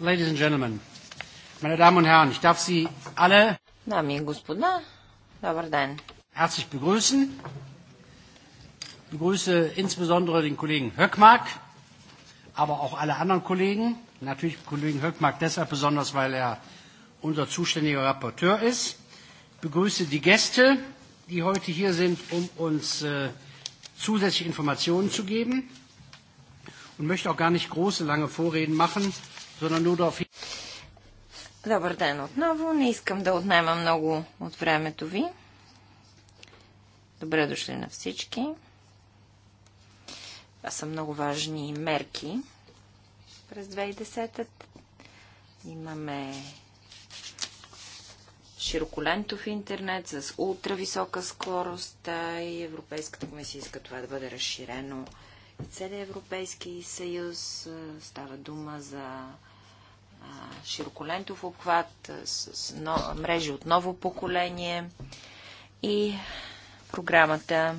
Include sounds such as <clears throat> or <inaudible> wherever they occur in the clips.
Ladies and gentlemen, meine Damen und Herren, ich darf Sie alle Herzlich begrüßen. Ich begrüße insbesondere den Kollegen Höckmark, aber auch alle anderen Kollegen. Natürlich Kollegen Höckmark deshalb besonders, weil er unser zuständiger Rapporteur ist. Ich begrüße die Gäste, die heute hier sind, um uns äh, zusätzliche Informationen zu geben und möchte auch gar nicht große lange Vorreden machen, Добър ден отново. Не искам да отнема много от времето ви. Добре дошли на всички. Това са много важни мерки през 2010 Имаме широколентов интернет с ултрависока скорост и Европейската комисия иска това да бъде разширено. Целият Европейски съюз става дума за широколентов обхват, с мрежи от ново поколение и програмата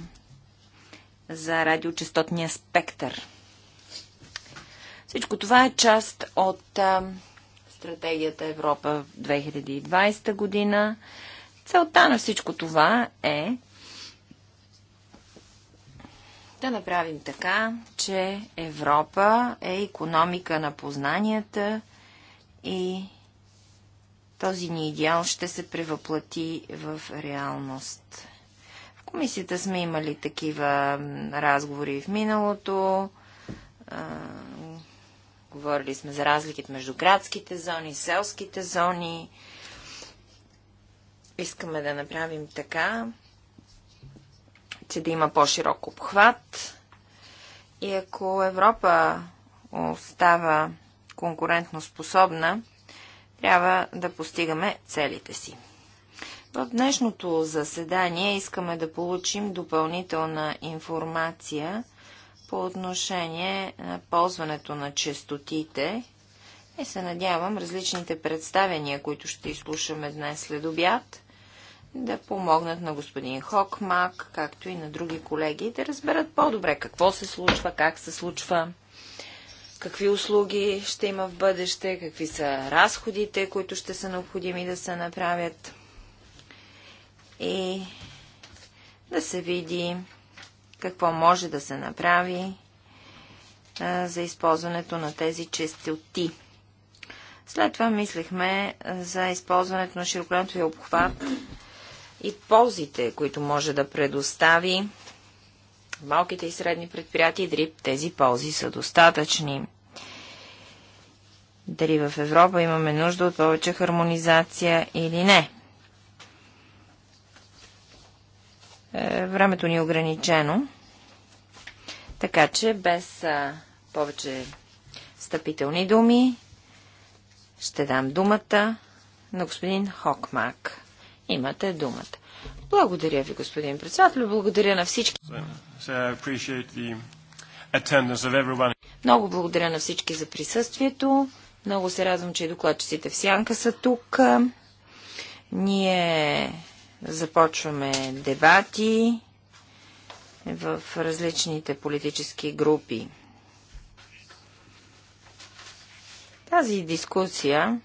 за радиочастотния спектър. Всичко това е част от а, стратегията Европа 2020 година. Целта на всичко това е да направим така, че Европа е економика на познанията, и този ни идеал ще се превъплати в реалност. В комисията сме имали такива разговори в миналото. говорили сме за разликите между градските зони, селските зони. Искаме да направим така, че да има по-широк обхват. И ако Европа остава конкурентно способна, трябва да постигаме целите си. В днешното заседание искаме да получим допълнителна информация по отношение на ползването на честотите и се надявам различните представения, които ще изслушаме днес след обяд, да помогнат на господин Хокмак, както и на други колеги, да разберат по-добре какво се случва, как се случва какви услуги ще има в бъдеще, какви са разходите, които ще са необходими да се направят и да се види какво може да се направи за използването на тези честоти. След това мислехме за използването на широколентовия обхват и ползите, които може да предостави малките и средни предприятия и дали тези ползи са достатъчни. Дали в Европа имаме нужда от повече хармонизация или не. Е, времето ни е ограничено, така че без повече стъпителни думи ще дам думата на господин Хокмак. Имате думата. Благодаря ви, господин председател. Благодаря на всички. Много благодаря на всички за присъствието. Много се радвам, че и докладчиците в Сянка са тук. Ние започваме дебати в различните политически групи. Тази дискусия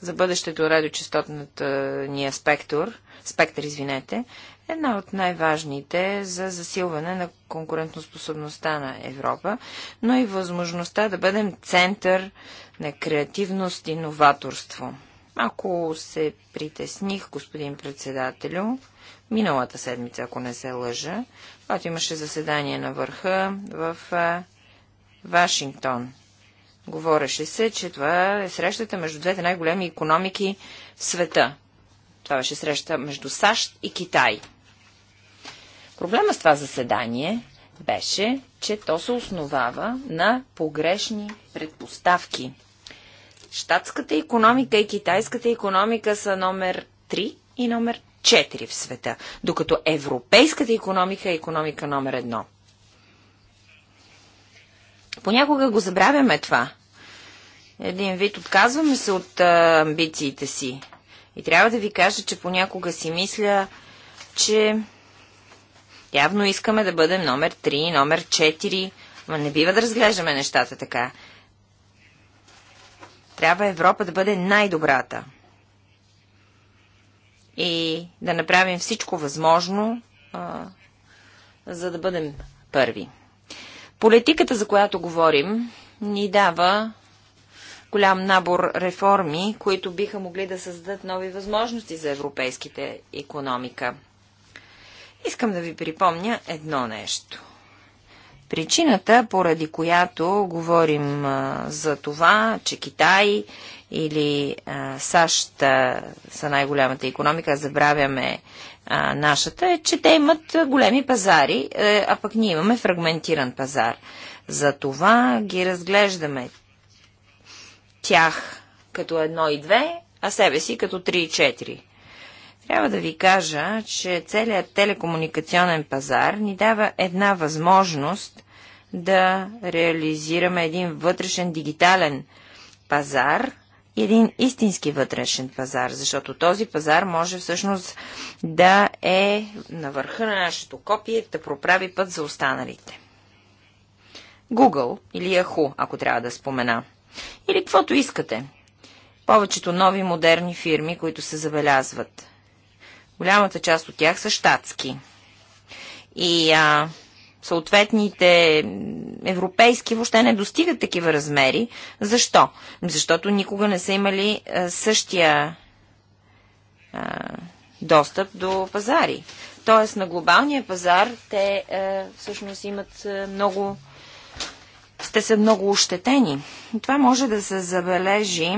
за бъдещето радиочастотната ни аспектор. Е спектър, извинете, една от най-важните за засилване на конкурентоспособността на Европа, но и възможността да бъдем център на креативност и новаторство. Ако се притесних, господин председателю, миналата седмица, ако не се лъжа, когато имаше заседание на върха в а, Вашингтон. Говореше се, че това е срещата между двете най-големи економики в света. Това беше среща между САЩ и Китай. Проблема с това заседание беше, че то се основава на погрешни предпоставки. Штатската економика и китайската економика са номер 3 и номер 4 в света, докато европейската економика е економика номер 1. Понякога го забравяме това. Един вид отказваме се от амбициите си и трябва да ви кажа, че понякога си мисля, че явно искаме да бъдем номер 3, номер 4, но не бива да разглеждаме нещата така. Трябва Европа да бъде най-добрата. И да направим всичко възможно, а, за да бъдем първи. Политиката, за която говорим, ни дава голям набор реформи, които биха могли да създадат нови възможности за европейските економика. Искам да ви припомня едно нещо. Причината, поради която говорим за това, че Китай или САЩ са най-голямата економика, забравяме нашата, е, че те имат големи пазари, е, а пък ние имаме фрагментиран пазар. За това ги разглеждаме тях като едно и две, а себе си като три и четири. Трябва да ви кажа, че целият телекомуникационен пазар ни дава една възможност да реализираме един вътрешен дигитален пазар, и един истински вътрешен пазар, защото този пазар може всъщност да е на върха на нашето копие, да проправи път за останалите. Google или Yahoo, ако трябва да спомена – или каквото искате. Повечето нови модерни фирми, които се забелязват. Голямата част от тях са щатски. И а, съответните европейски въобще не достигат такива размери. Защо? Защото никога не са имали а, същия а, достъп до пазари. Тоест на глобалния пазар те а, всъщност имат а, много те са много ощетени. Това може да се забележи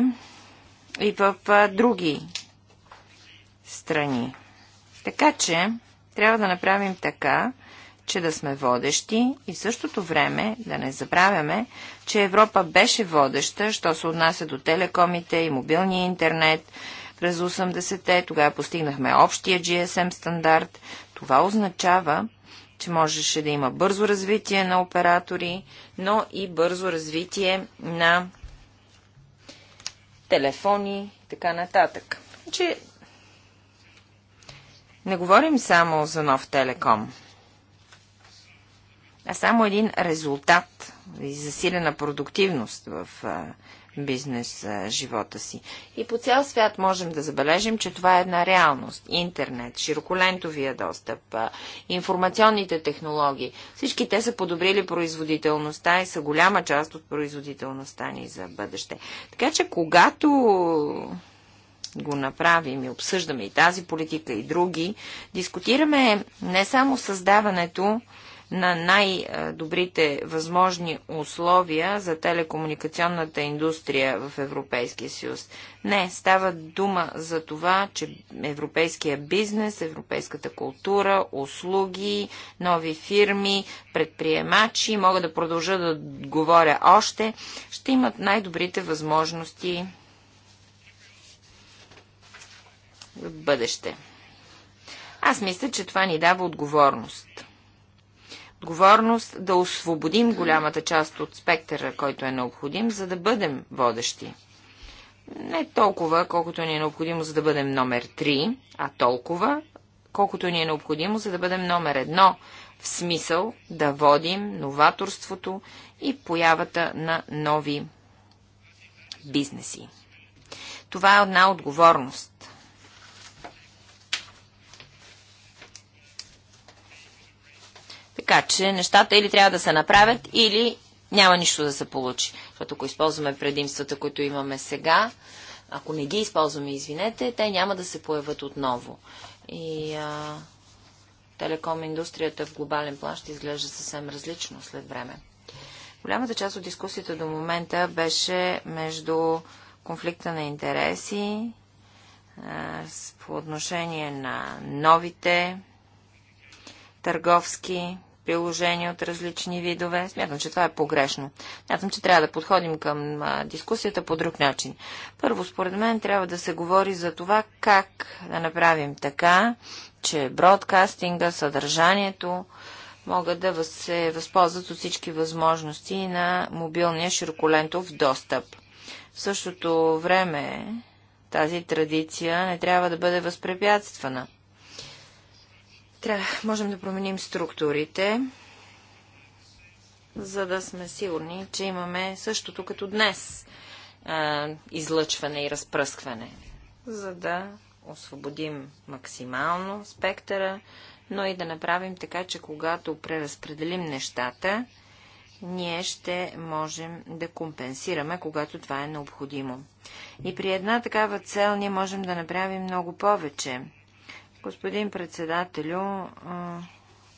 и в други страни. Така че трябва да направим така, че да сме водещи и в същото време да не забравяме, че Европа беше водеща, що се отнася до телекомите и мобилния интернет през 80-те. Тогава постигнахме общия GSM стандарт. Това означава, че можеше да има бързо развитие на оператори, но и бързо развитие на телефони, и така нататък. Че значи, не говорим само за нов телеком, а само един резултат и засилена продуктивност в бизнес живота си. И по цял свят можем да забележим, че това е една реалност. Интернет, широколентовия достъп, информационните технологии, всички те са подобрили производителността и са голяма част от производителността ни за бъдеще. Така че, когато го направим и обсъждаме и тази политика и други, дискутираме не само създаването на най-добрите възможни условия за телекомуникационната индустрия в Европейския съюз. Не, става дума за това, че европейския бизнес, европейската култура, услуги, нови фирми, предприемачи, мога да продължа да говоря още, ще имат най-добрите възможности в бъдеще. Аз мисля, че това ни дава отговорност отговорност да освободим голямата част от спектъра, който е необходим, за да бъдем водещи. Не толкова, колкото ни е необходимо, за да бъдем номер 3, а толкова, колкото ни е необходимо, за да бъдем номер 1, в смисъл да водим новаторството и появата на нови бизнеси. Това е една отговорност. Така че нещата или трябва да се направят, или няма нищо да се получи. Защото ако използваме предимствата, които имаме сега, ако не ги използваме, извинете, те няма да се появят отново. И а, телеком индустрията в глобален план ще изглежда съвсем различно след време. Голямата част от дискусията до момента беше между конфликта на интереси а, по отношение на новите търговски приложения от различни видове. Смятам, че това е погрешно. Смятам, че трябва да подходим към а, дискусията по друг начин. Първо, според мен, трябва да се говори за това как да направим така, че бродкастинга, съдържанието могат да се възползват от всички възможности на мобилния широколентов достъп. В същото време тази традиция не трябва да бъде възпрепятствана. Трябва, можем да променим структурите, за да сме сигурни, че имаме същото като днес а, излъчване и разпръскване, за да освободим максимално спектъра, но и да направим така, че когато преразпределим нещата, ние ще можем да компенсираме, когато това е необходимо. И при една такава цел ние можем да направим много повече. Господин председателю,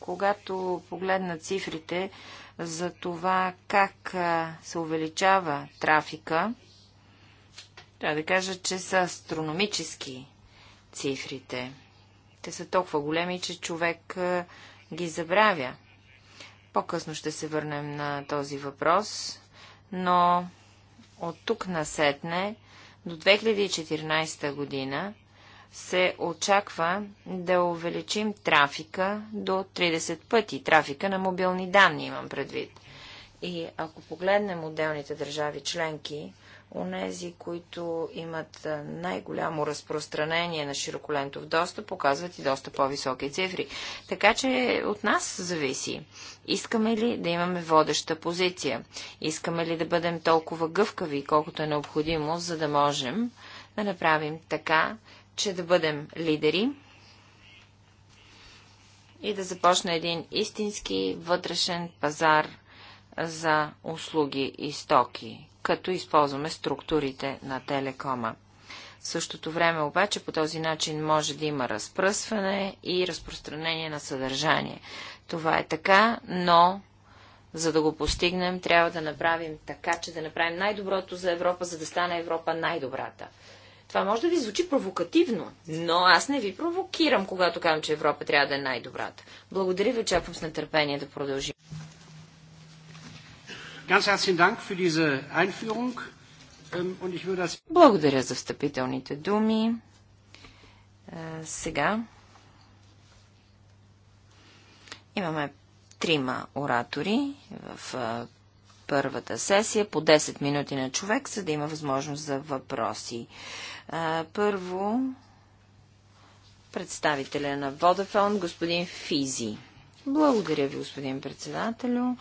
когато погледна цифрите за това как се увеличава трафика, трябва да кажа, че са астрономически цифрите. Те са толкова големи, че човек ги забравя. По-късно ще се върнем на този въпрос, но от тук насетне до 2014 година се очаква да увеличим трафика до 30 пъти. Трафика на мобилни данни имам предвид. И ако погледнем отделните държави членки, онези, които имат най-голямо разпространение на широколентов достъп, показват и доста по-високи цифри. Така че от нас зависи. Искаме ли да имаме водеща позиция? Искаме ли да бъдем толкова гъвкави, колкото е необходимо, за да можем да направим така, че да бъдем лидери и да започне един истински вътрешен пазар за услуги и стоки, като използваме структурите на телекома. В същото време обаче по този начин може да има разпръсване и разпространение на съдържание. Това е така, но за да го постигнем, трябва да направим така, че да направим най-доброто за Европа, за да стане Европа най-добрата. Това може да ви звучи провокативно, но аз не ви провокирам, когато казвам, че Европа трябва да е най-добрата. Благодаря ви, очаквам с нетърпение да продължим. Ähm, Благодаря за встъпителните думи. Е, сега имаме трима оратори в е, първата сесия по 10 минути на човек, за да има възможност за въпроси. А, първо, представителя на Водафон, господин Физи. Благодаря ви, господин председателю.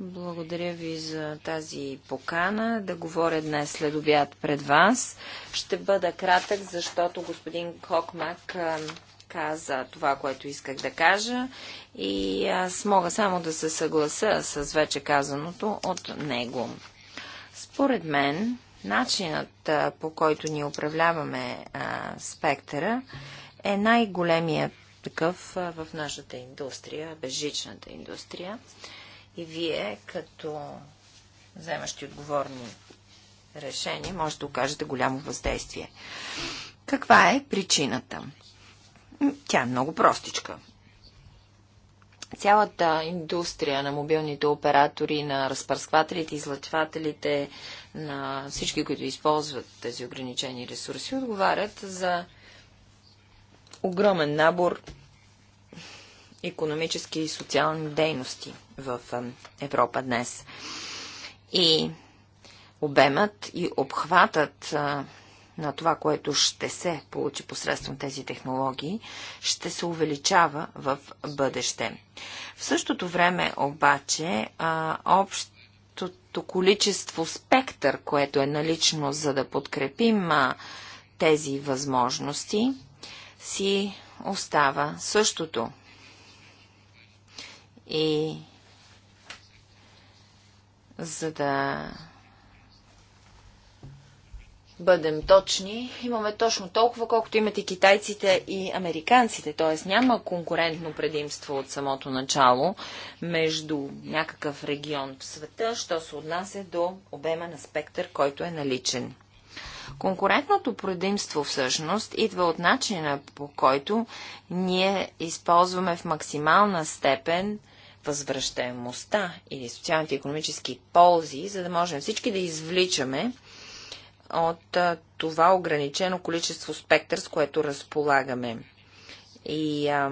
Благодаря ви за тази покана да говоря днес след обяд пред вас. Ще бъда кратък, защото господин Кокмак каза това, което исках да кажа и аз мога само да се съглася с вече казаното от него. Според мен, начинът по който ни управляваме а, спектъра е най-големият такъв в нашата индустрия, безжичната индустрия. И вие, като вземащи отговорни решения, може да окажете голямо въздействие. Каква е причината? Тя е много простичка. Цялата индустрия на мобилните оператори, на разпърсквателите, излъчвателите, на всички, които използват тези ограничени ресурси, отговарят за огромен набор економически и социални дейности в Европа днес. И обемът и обхватът на това, което ще се получи посредством тези технологии, ще се увеличава в бъдеще. В същото време обаче общото количество спектър, което е налично за да подкрепим тези възможности, си остава същото. И за да бъдем точни, имаме точно толкова, колкото имат и китайците и американците. Т.е. няма конкурентно предимство от самото начало между някакъв регион в света, що се отнася до обема на спектър, който е наличен. Конкурентното предимство всъщност идва от начина по който ние използваме в максимална степен възвръщаемостта или социалните и економически ползи, за да можем всички да извличаме от това ограничено количество спектър, с което разполагаме. И а,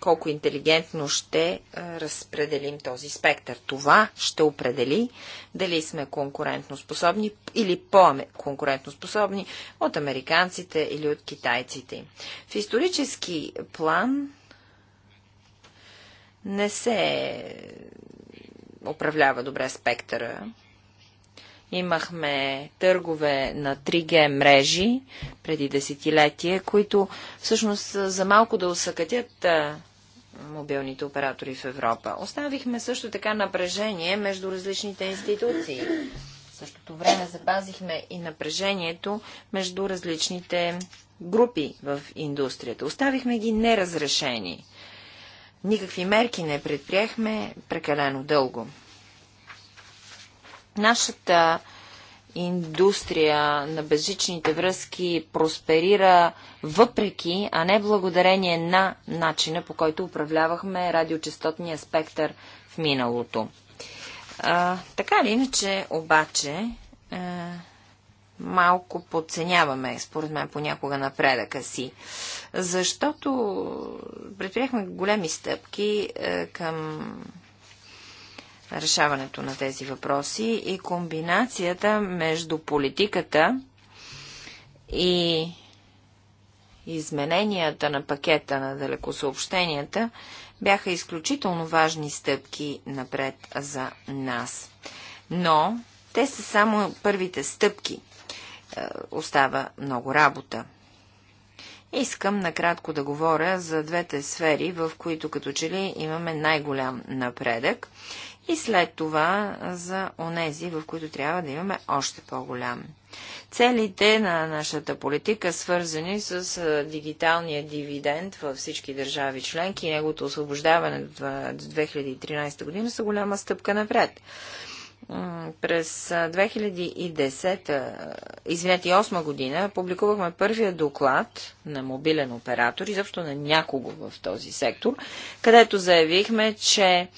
колко интелигентно ще разпределим този спектър. Това ще определи дали сме конкурентно способни или по-конкурентно способни от американците или от китайците. В исторически план не се управлява добре спектъра Имахме търгове на 3G мрежи преди десетилетие, които всъщност за малко да усъкътят мобилните оператори в Европа. Оставихме също така напрежение между различните институции. В същото време запазихме и напрежението между различните групи в индустрията. Оставихме ги неразрешени. Никакви мерки не предприехме прекалено дълго. Нашата индустрия на безжичните връзки просперира въпреки, а не благодарение на начина по който управлявахме радиочастотния спектър в миналото. А, така или иначе, обаче, а, е, малко подценяваме, според мен, понякога напредъка си, защото предприехме големи стъпки а, е, към решаването на тези въпроси и комбинацията между политиката и измененията на пакета на далекосъобщенията бяха изключително важни стъпки напред за нас. Но те са само първите стъпки. Е, остава много работа. Искам накратко да говоря за двете сфери, в които като че ли имаме най-голям напредък и след това за онези, в които трябва да имаме още по-голям. Целите на нашата политика, свързани с дигиталния дивиденд във всички държави членки и неговото освобождаване до 2013 година, са голяма стъпка напред. През 2010, извинете, 2008 година публикувахме първия доклад на мобилен оператор, изобщо на някого в този сектор, където заявихме, че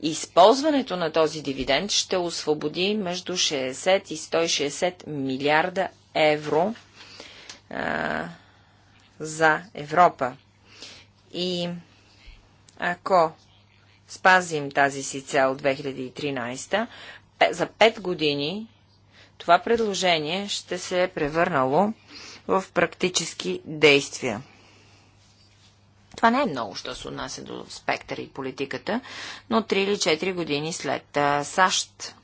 използването на този дивиденд ще освободи между 60 и 160 милиарда евро а, за Европа. И ако спазим тази си цел 2013, за 5 години това предложение ще се е превърнало в практически действия. Това не е много, що се отнася до спектъра и политиката, но 3 или 4 години след а, САЩ.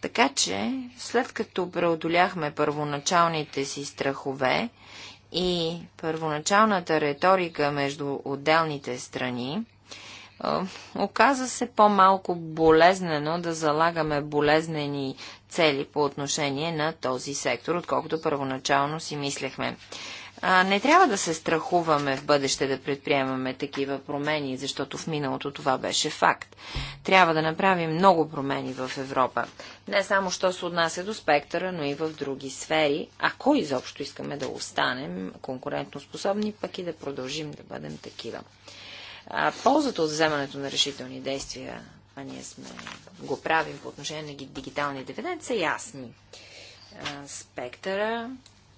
Така че, след като преодоляхме първоначалните си страхове и първоначалната риторика между отделните страни, Оказа се по-малко болезнено да залагаме болезнени цели по отношение на този сектор, отколкото първоначално си мислехме. не трябва да се страхуваме в бъдеще да предприемаме такива промени, защото в миналото това беше факт. Трябва да направим много промени в Европа. Не само, що се отнася до спектъра, но и в други сфери, ако изобщо искаме да останем конкурентоспособни, пък и да продължим да бъдем такива. А ползата от вземането на решителни действия, а ние сме го правим по отношение на дигитални дивиденд, са ясни. А, спектъра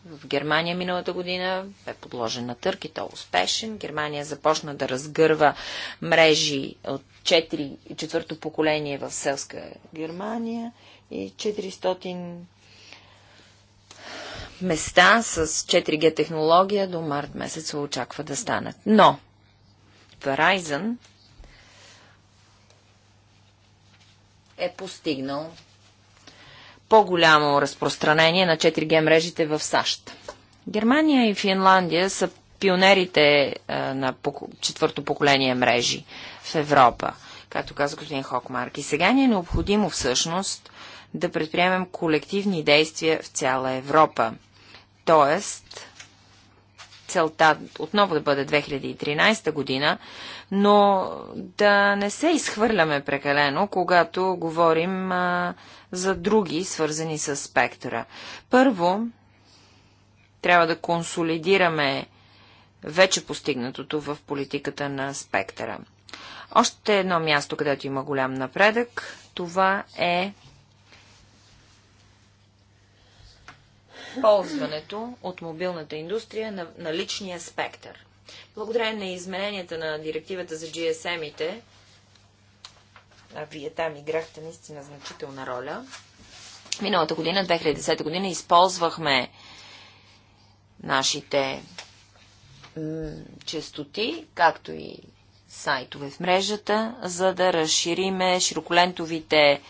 в Германия миналата година бе подложен на търк и то успешен. Германия започна да разгърва мрежи от 4, четвърто поколение в селска Германия и 400 места с 4G технология до март месец се очаква да станат. Но Verizon е постигнал по-голямо разпространение на 4G мрежите в САЩ. Германия и Финландия са пионерите на четвърто поколение мрежи в Европа, както каза господин Хокмарк. И сега ни е необходимо всъщност да предприемем колективни действия в цяла Европа. Тоест, целта отново да бъде 2013 година, но да не се изхвърляме прекалено, когато говорим а, за други, свързани с спектъра. Първо, трябва да консолидираме вече постигнатото в политиката на спектъра. Още едно място, където има голям напредък, това е ползването от мобилната индустрия на, на личния спектър. Благодарение на измененията на директивата за GSM-ите, а вие там играхте наистина значителна роля, миналата година, 2010 година, използвахме нашите честоти, както и сайтове в мрежата, за да разшириме широколентовите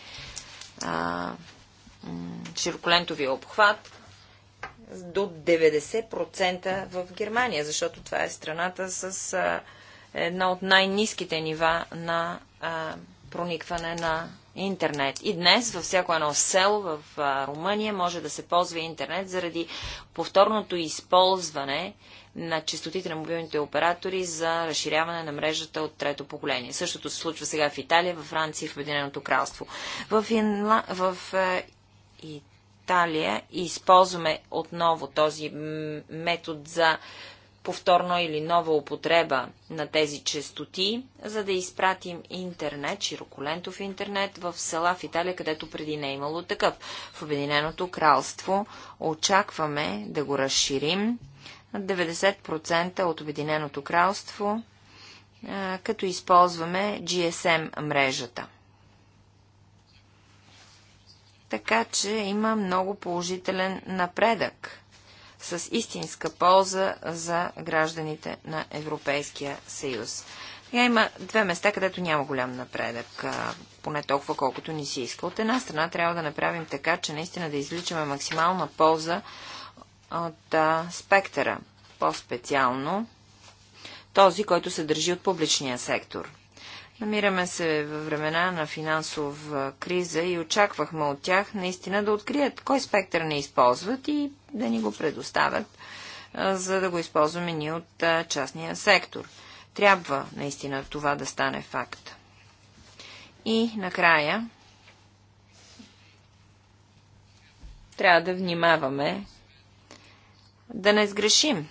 а, широколентовия обхват до 90% в Германия, защото това е страната с а, една от най-низките нива на а, проникване на интернет. И днес във всяко едно село в а, Румъния може да се ползва интернет заради повторното използване на частотите на мобилните оператори за разширяване на мрежата от трето поколение. Същото се случва сега в Италия, във Франция и в Обединеното кралство. В, Инла... в а, и Италия и използваме отново този метод за повторно или нова употреба на тези частоти, за да изпратим интернет, широколентов интернет в села в Италия, където преди не е имало такъв. В Обединеното кралство очакваме да го разширим 90% от Обединеното кралство, като използваме GSM мрежата. Така че има много положителен напредък с истинска полза за гражданите на Европейския съюз. Тега има две места, където няма голям напредък, поне толкова колкото ни се иска. От една страна трябва да направим така, че наистина да изличаме максимална полза от а, спектъра, по-специално този, който се държи от публичния сектор – Намираме се във времена на финансова криза и очаквахме от тях наистина да открият кой спектър не използват и да ни го предоставят, за да го използваме ние от частния сектор. Трябва наистина това да стане факт. И накрая трябва да внимаваме да не сгрешим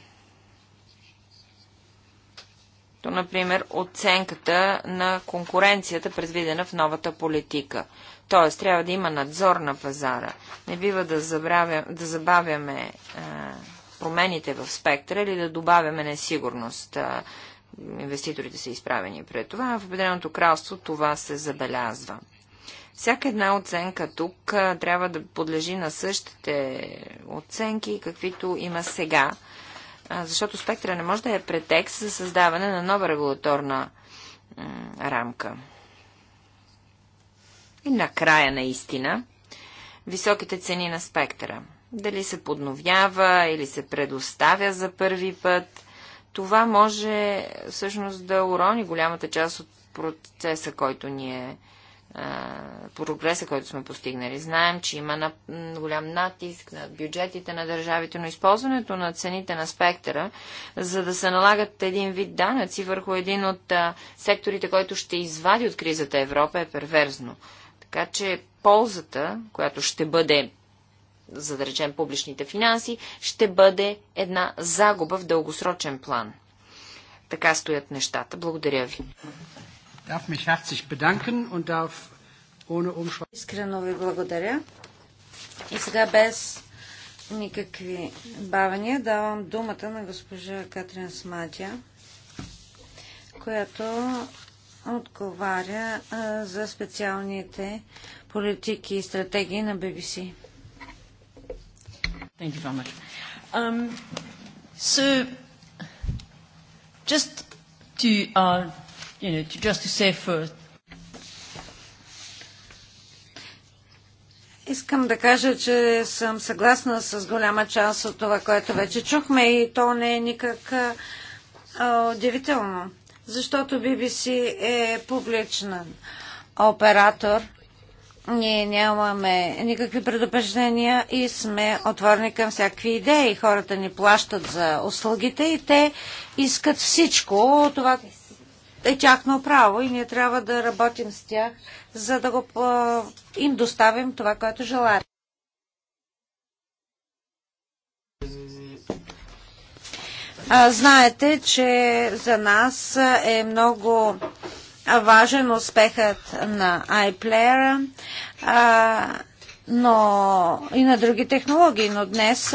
например, оценката на конкуренцията, предвидена в новата политика. Т.е. трябва да има надзор на пазара. Не бива да, забравя, да забавяме а, е, промените в спектъра или да добавяме несигурност. А, е, инвеститорите са изправени пред това. В Обединеното кралство това се забелязва. Всяка една оценка тук а, е, трябва да подлежи на същите оценки, каквито има сега защото спектъра не може да е претекст за създаване на нова регулаторна рамка. И накрая наистина, високите цени на спектъра. Дали се подновява или се предоставя за първи път, това може всъщност да урони голямата част от процеса, който ние прогреса, който сме постигнали. Знаем, че има на, голям натиск на бюджетите на държавите, но използването на цените на спектъра, за да се налагат един вид данъци върху един от а, секторите, който ще извади от кризата Европа, е перверзно. Така че ползата, която ще бъде за да речем публичните финанси, ще бъде една загуба в дългосрочен план. Така стоят нещата. Благодаря ви darf mich herzlich bedanken und darf ohne Umschweife. Искрено ви благодаря. И сега без никакви бавания давам думата на госпожа Катрин Сматя, която отговаря за специалните политики и стратегии на BBC. Thank you very much. Um, so, just to uh, you know, to, just to say first. Искам да кажа, че съм съгласна с голяма част от това, което вече чухме и то не е никак удивително, защото BBC е публичен оператор. Ние нямаме никакви предупреждения и сме отворени към всякакви идеи. Хората ни плащат за услугите и те искат всичко това, е тяхно право и ние трябва да работим с тях, за да го, им доставим това, което желаят. Знаете, че за нас е много важен успехът на iPlayer, но и на други технологии, но днес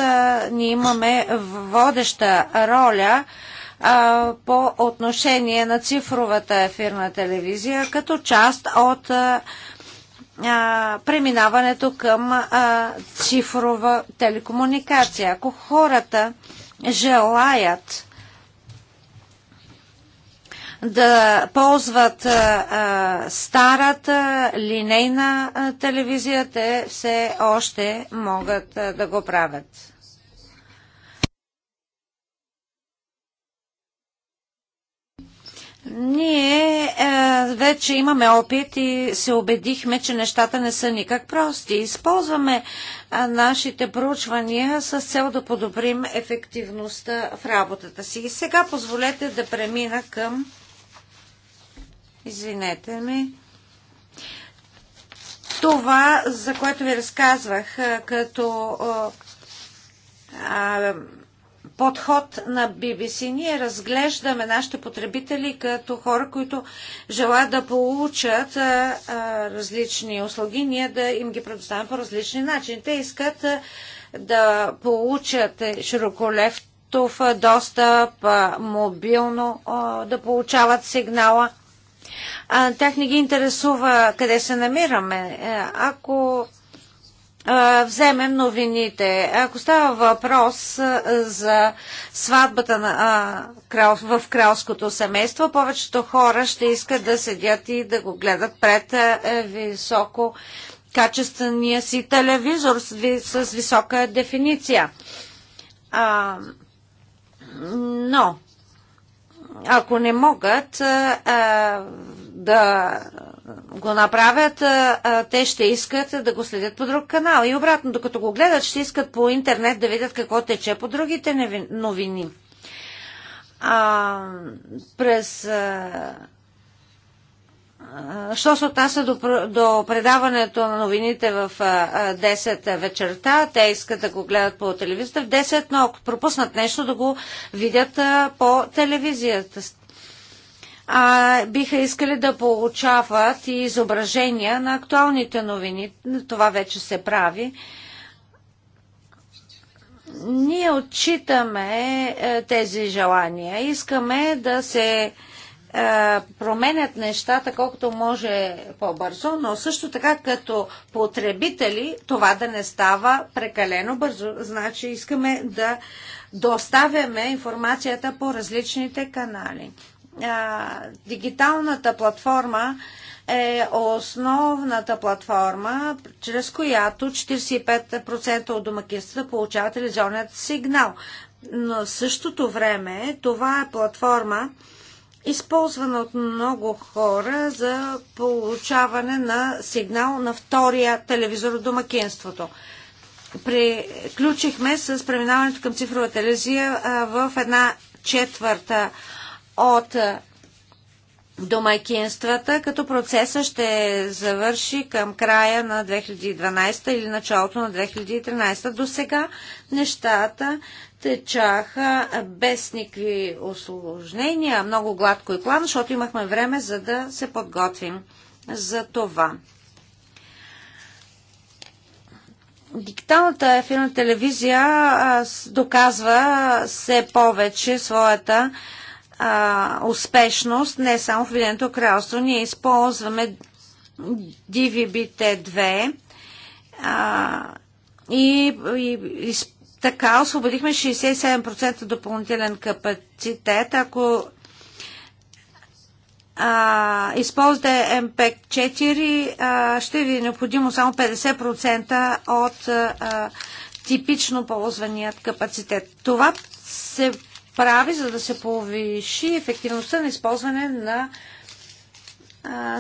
ние имаме водеща роля а, по отношение на цифровата ефирна телевизия, като част от а, а, преминаването към а, цифрова телекомуникация. Ако хората желаят да ползват а, старата линейна телевизия, те все още могат а, да го правят. Ние е, вече имаме опит и се убедихме, че нещата не са никак прости. Използваме е, нашите проучвания с цел да подобрим ефективността в работата си. И сега позволете да премина към. Извинете ми. Това, за което ви разказвах, е, като. Е, е, подход на BBC. Ние разглеждаме нашите потребители като хора, които желаят да получат а, а, различни услуги, ние да им ги предоставим по различни начини. Те искат а, да получат широколевтов достъп, а, мобилно а, да получават сигнала. А, тях не ги интересува къде се намираме. Е, ако вземем новините. Ако става въпрос за сватбата на, а, крал, в кралското семейство, повечето хора ще искат да седят и да го гледат пред а, високо качествения си телевизор с, ви, с висока дефиниция. А, но, ако не могат а, да го направят, те ще искат да го следят по друг канал. И обратно, докато го гледат, ще искат по интернет да видят какво тече по другите новини. А, през. що се отнася до, до предаването на новините в 10 вечерта, те искат да го гледат по телевизията в 10, но ако пропуснат нещо, да го видят по телевизията а, биха искали да получават и изображения на актуалните новини. Това вече се прави. Ние отчитаме е, тези желания. Искаме да се е, променят нещата колкото може по-бързо, но също така като потребители това да не става прекалено бързо. Значи искаме да доставяме информацията по различните канали а, дигиталната платформа е основната платформа, чрез която 45% от домакинствата получават телевизионният сигнал. Но в същото време това е платформа, използвана от много хора за получаване на сигнал на втория телевизор от домакинството. Приключихме с преминаването към цифрова телевизия в една четвърта от домакинствата, като процеса ще завърши към края на 2012 или началото на 2013. До сега нещата течаха без никакви осложнения, много гладко и план, защото имахме време за да се подготвим за това. Дигиталната ефирна телевизия доказва все повече своята а, успешност не само в Обединеното кралство. Ние използваме DVB-T2 а, и, и, и така освободихме 67% допълнителен капацитет. Ако а, използвате MPEG-4, а, ще ви е необходимо само 50% от а, типично ползваният капацитет. Това се прави, за да се повиши ефективността на използване на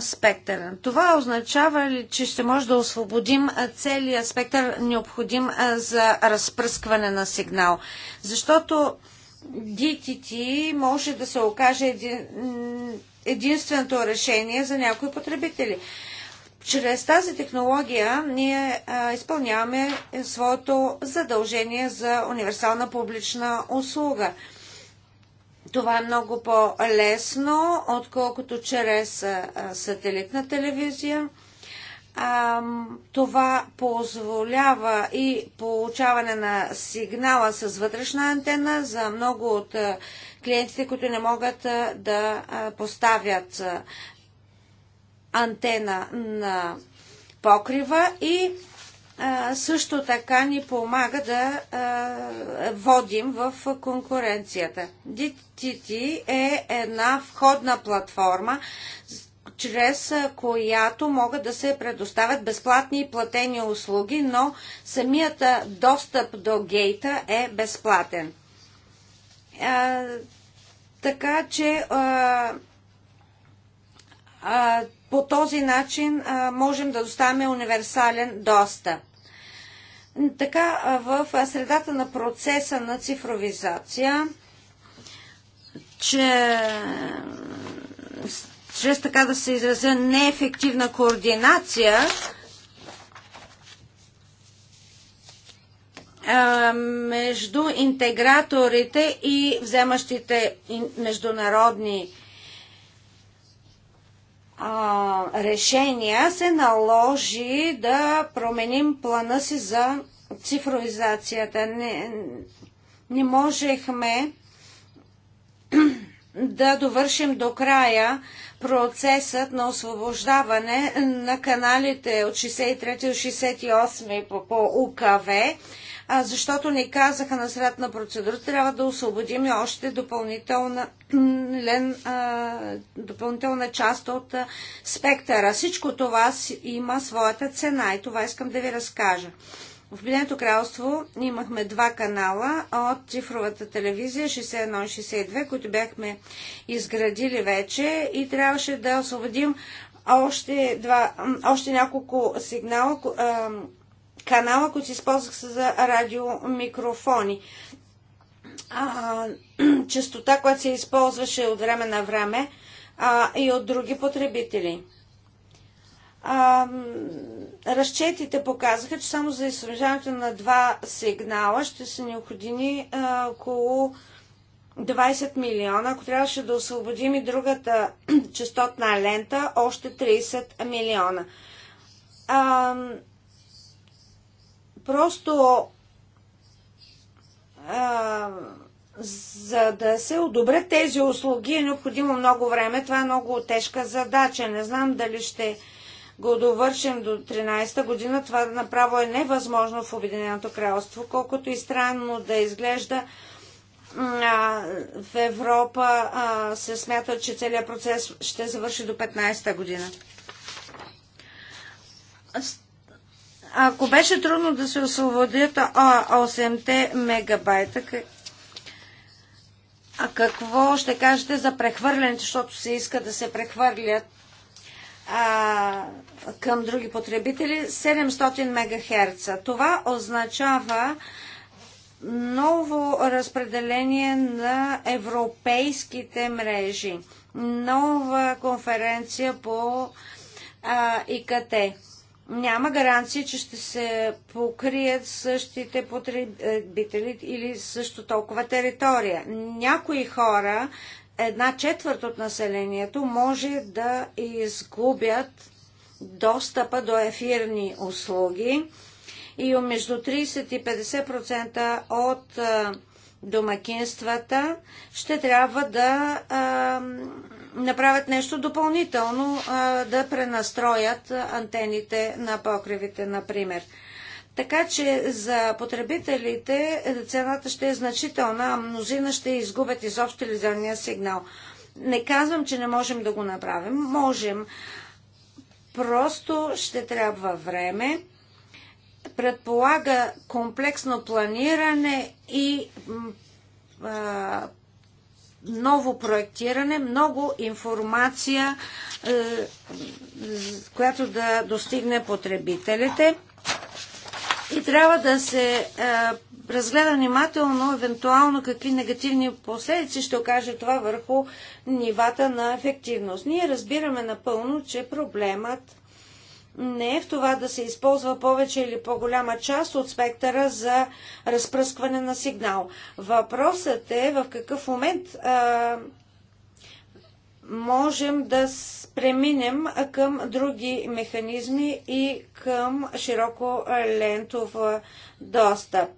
спектъра. Това означава, че ще може да освободим целият спектър необходим за разпръскване на сигнал. Защото DTT може да се окаже единственото решение за някои потребители. Чрез тази технология ние а, изпълняваме своето задължение за универсална публична услуга – това е много по-лесно, отколкото чрез сателитна телевизия. това позволява и получаване на сигнала с вътрешна антена за много от клиентите, които не могат да поставят антена на покрива и също така ни помага да водим в конкуренцията. DTT е една входна платформа, чрез която могат да се предоставят безплатни и платени услуги, но самият достъп до гейта е безплатен. така че по този начин можем да доставяме универсален достъп. Така, в средата на процеса на цифровизация, че чрез така да се изразя неефективна координация, между интеграторите и вземащите международни а, решения се наложи да променим плана си за цифровизацията. Не, не можехме <clears throat> да довършим до края процесът на освобождаване на каналите от 63 до 68 по, по УКВ а, защото ни казаха на сред на процедура, трябва да освободим и още допълнителна, <clears throat> лен, а, допълнителна част от а, спектъра. Всичко това има своята цена и това искам да ви разкажа. В Обединеното кралство имахме два канала от цифровата телевизия 61 и 62, които бяхме изградили вече и трябваше да освободим още, два, още няколко сигнала, канала, които използвах за радиомикрофони. А, <clears throat> частота, която се използваше от време на време а, и от други потребители. А, разчетите показаха, че само за изслужаването на два сигнала ще са необходими а, около 20 милиона. Ако трябваше да освободим и другата <clears throat> частотна лента, още 30 милиона. А, просто а, за да се одобрят тези услуги е необходимо много време. Това е много тежка задача. Не знам дали ще го довършим до 13-та година. Това направо е невъзможно в Обединеното кралство, колкото и странно да изглежда. А, в Европа а, се смята, че целият процес ще завърши до 15-та година ако беше трудно да се освободят 8-те мегабайта, а какво ще кажете за прехвърлянето, защото се иска да се прехвърлят а, към други потребители 700 МГц. Това означава ново разпределение на европейските мрежи, нова конференция по а, ИКТ няма гаранция, че ще се покрият същите потребители или също толкова територия. Някои хора, една четвърт от населението, може да изгубят достъпа до ефирни услуги и между 30 и 50% от домакинствата ще трябва да направят нещо допълнително, да пренастроят антените на покривите, например. Така че за потребителите цената ще е значителна, а мнозина ще изгубят изобщо телевизионния сигнал. Не казвам, че не можем да го направим. Можем. Просто ще трябва време. Предполага комплексно планиране и а, ново проектиране, много информация, е, която да достигне потребителите. И трябва да се е, разгледа внимателно, евентуално какви негативни последици ще окаже това върху нивата на ефективност. Ние разбираме напълно, че проблемът не е в това да се използва повече или по-голяма част от спектъра за разпръскване на сигнал. Въпросът е в какъв момент а, можем да преминем към други механизми и към широко лентов достъп.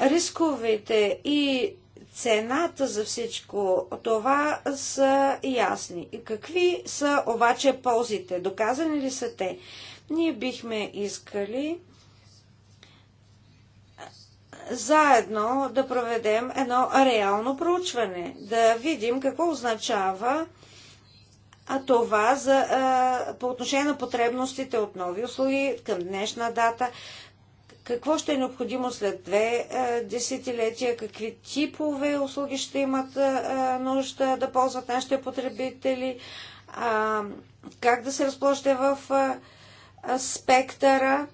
Рисковете и Цената за всичко това са ясни. Какви са обаче ползите? Доказани ли са те? Ние бихме искали заедно да проведем едно реално проучване, да видим какво означава а това за, а, по отношение на потребностите от нови услуги към днешна дата, какво ще е необходимо след две е, десетилетия, какви типове услуги ще имат е, е, нужда да ползват нашите потребители, а, как да се разположите в а, спектъра,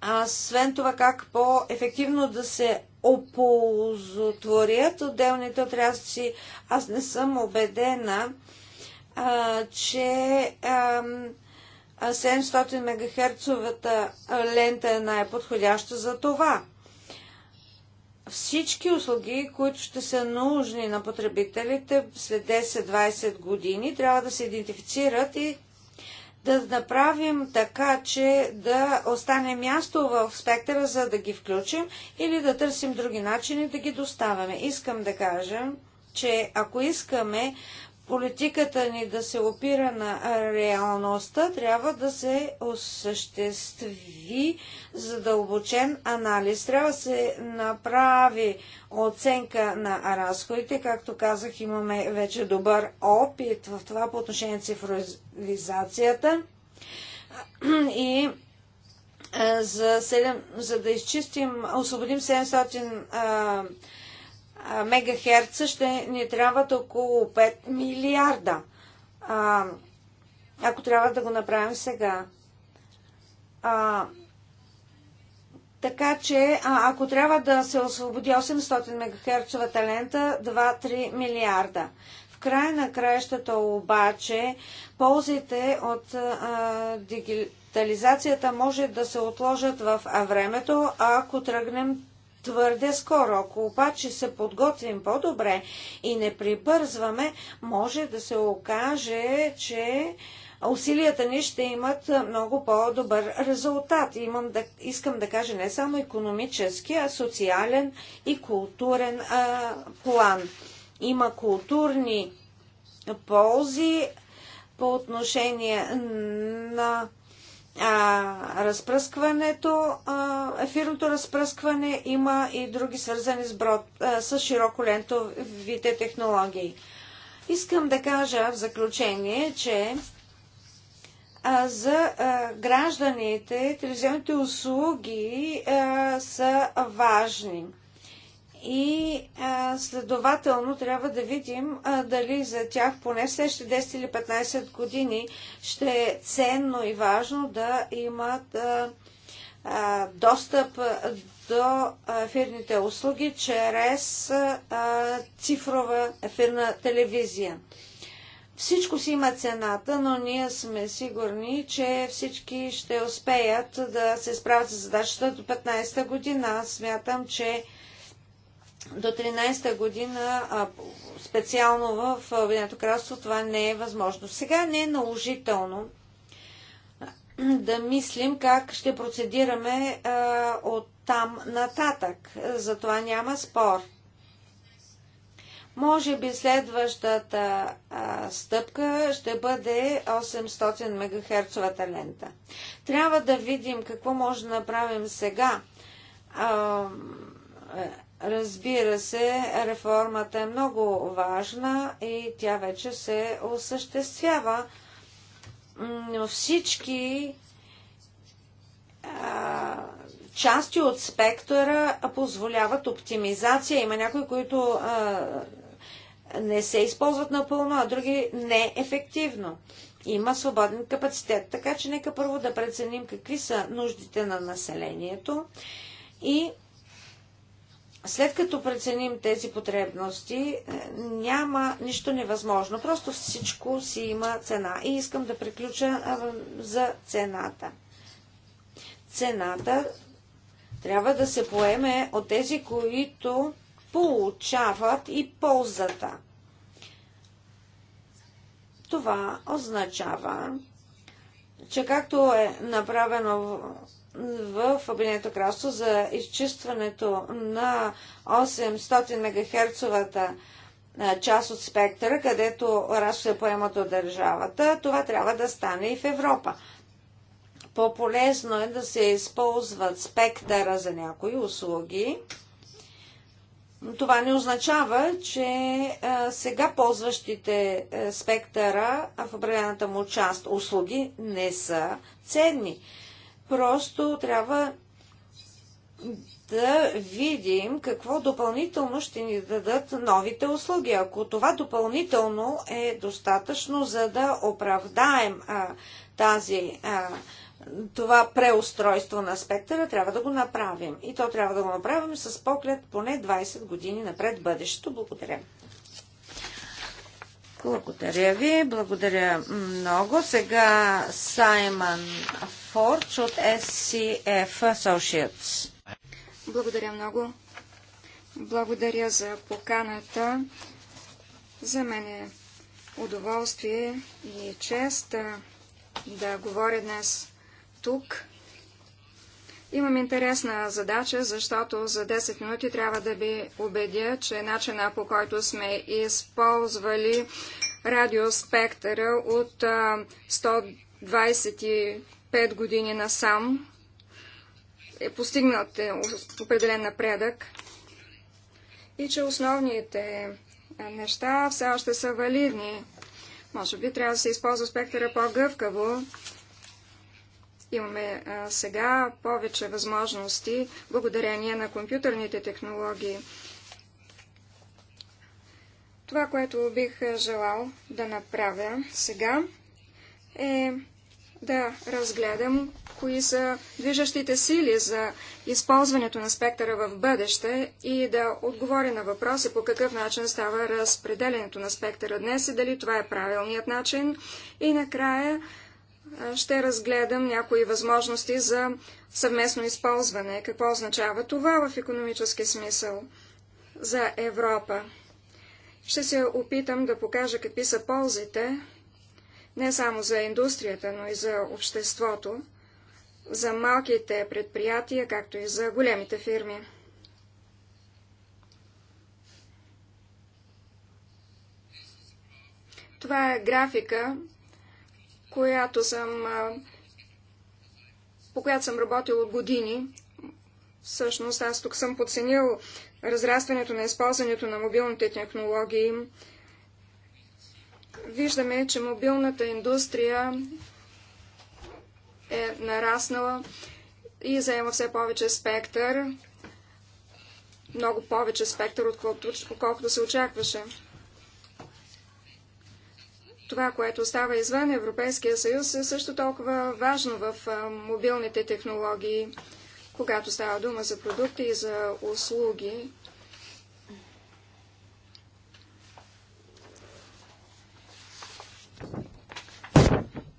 а освен това как по-ефективно да се оползотворят отделните отрязъци. Аз не съм убедена, а, че. А, 700 МГц лента е най-подходяща за това. Всички услуги, които ще са нужни на потребителите след 10-20 години, трябва да се идентифицират и да направим така, че да остане място в спектъра, за да ги включим или да търсим други начини да ги доставяме. Искам да кажа, че ако искаме политиката ни да се опира на реалността, трябва да се осъществи задълбочен анализ. Трябва да се направи оценка на разходите. Както казах, имаме вече добър опит в това по отношение на цифровизацията. <clears throat> И за, 7, за да изчистим, освободим 700 мегахерца ще ни трябват около 5 милиарда. А, ако трябва да го направим сега. А, така че, а, ако трябва да се освободи 800 мегахерцовата лента, 2-3 милиарда. В края на краищата обаче, ползите от а, дигитализацията може да се отложат в времето, ако тръгнем твърде скоро. Ако обаче се подготвим по-добре и не прибързваме, може да се окаже, че усилията ни ще имат много по-добър резултат. Имам да, искам да кажа не само економически, а социален и културен а, план. Има културни ползи по отношение на а, разпръскването, а, ефирното разпръскване има и други свързани с, брод, а, с широколентовите технологии. Искам да кажа в заключение, че а, за а, гражданите телевизионните услуги а, са важни и а, следователно трябва да видим а, дали за тях поне следващите 10 или 15 години ще е ценно и важно да имат а, а, достъп до ефирните услуги чрез а, цифрова ефирна телевизия. Всичко си има цената, но ние сме сигурни, че всички ще успеят да се справят с задачата до 15-та година. Аз смятам, че до 13-та година, специално в Обединеното кралство, това не е възможно. Сега не е наложително да мислим как ще процедираме от там нататък. За това няма спор. Може би следващата а, стъпка ще бъде 800 МГц лента. Трябва да видим какво може да направим сега. А, Разбира се, реформата е много важна и тя вече се осъществява. Но всички а, части от спектъра позволяват оптимизация. Има някои, които а, не се използват напълно, а други не ефективно. Има свободен капацитет, така че нека първо да преценим какви са нуждите на населението и след като преценим тези потребности, е, няма нищо невъзможно. Просто всичко си има цена. И искам да приключа е, за цената. Цената трябва да се поеме от тези, които получават и ползата. Това означава, че както е направено в Обединеното кралство за изчистването на 800 МГц част от спектъра, където разходи се поемат от държавата, това трябва да стане и в Европа. По-полезно е да се използват спектъра за някои услуги. Това не означава, че сега ползващите спектъра в определената му част услуги не са ценни. Просто трябва да видим какво допълнително ще ни дадат новите услуги. Ако това допълнително е достатъчно, за да оправдаем а, тази, а, това преустройство на спектъра, трябва да го направим. И то трябва да го направим с поглед поне 20 години напред бъдещето. Благодаря. Благодаря ви, благодаря много. Сега Саймън Форч от SCF Associates. Благодаря много. Благодаря за поканата. За мен е удоволствие и чест да говоря днес тук Имам интересна задача, защото за 10 минути трябва да ви убедя, че начина по който сме използвали радиоспектъра от 125 години насам е постигнат е, определен напредък и че основните неща все още са валидни. Може би трябва да се използва спектъра по-гъвкаво, Имаме а, сега повече възможности благодарение на компютърните технологии. Това, което бих желал да направя сега, е да разгледам кои са движещите сили за използването на спектъра в бъдеще и да отговоря на въпроси по какъв начин става разпределението на спектъра днес и дали това е правилният начин. И накрая ще разгледам някои възможности за съвместно използване. Какво означава това в економически смисъл за Европа? Ще се опитам да покажа какви са ползите не само за индустрията, но и за обществото, за малките предприятия, както и за големите фирми. Това е графика която съм, по която съм работил от години. Всъщност аз тук съм подценил разрастването на използването на мобилните технологии. Виждаме, че мобилната индустрия е нараснала и заема все повече спектър, много повече спектър, отколкото, отколкото се очакваше. Това, което става извън Европейския съюз, е също толкова важно в мобилните технологии, когато става дума за продукти и за услуги.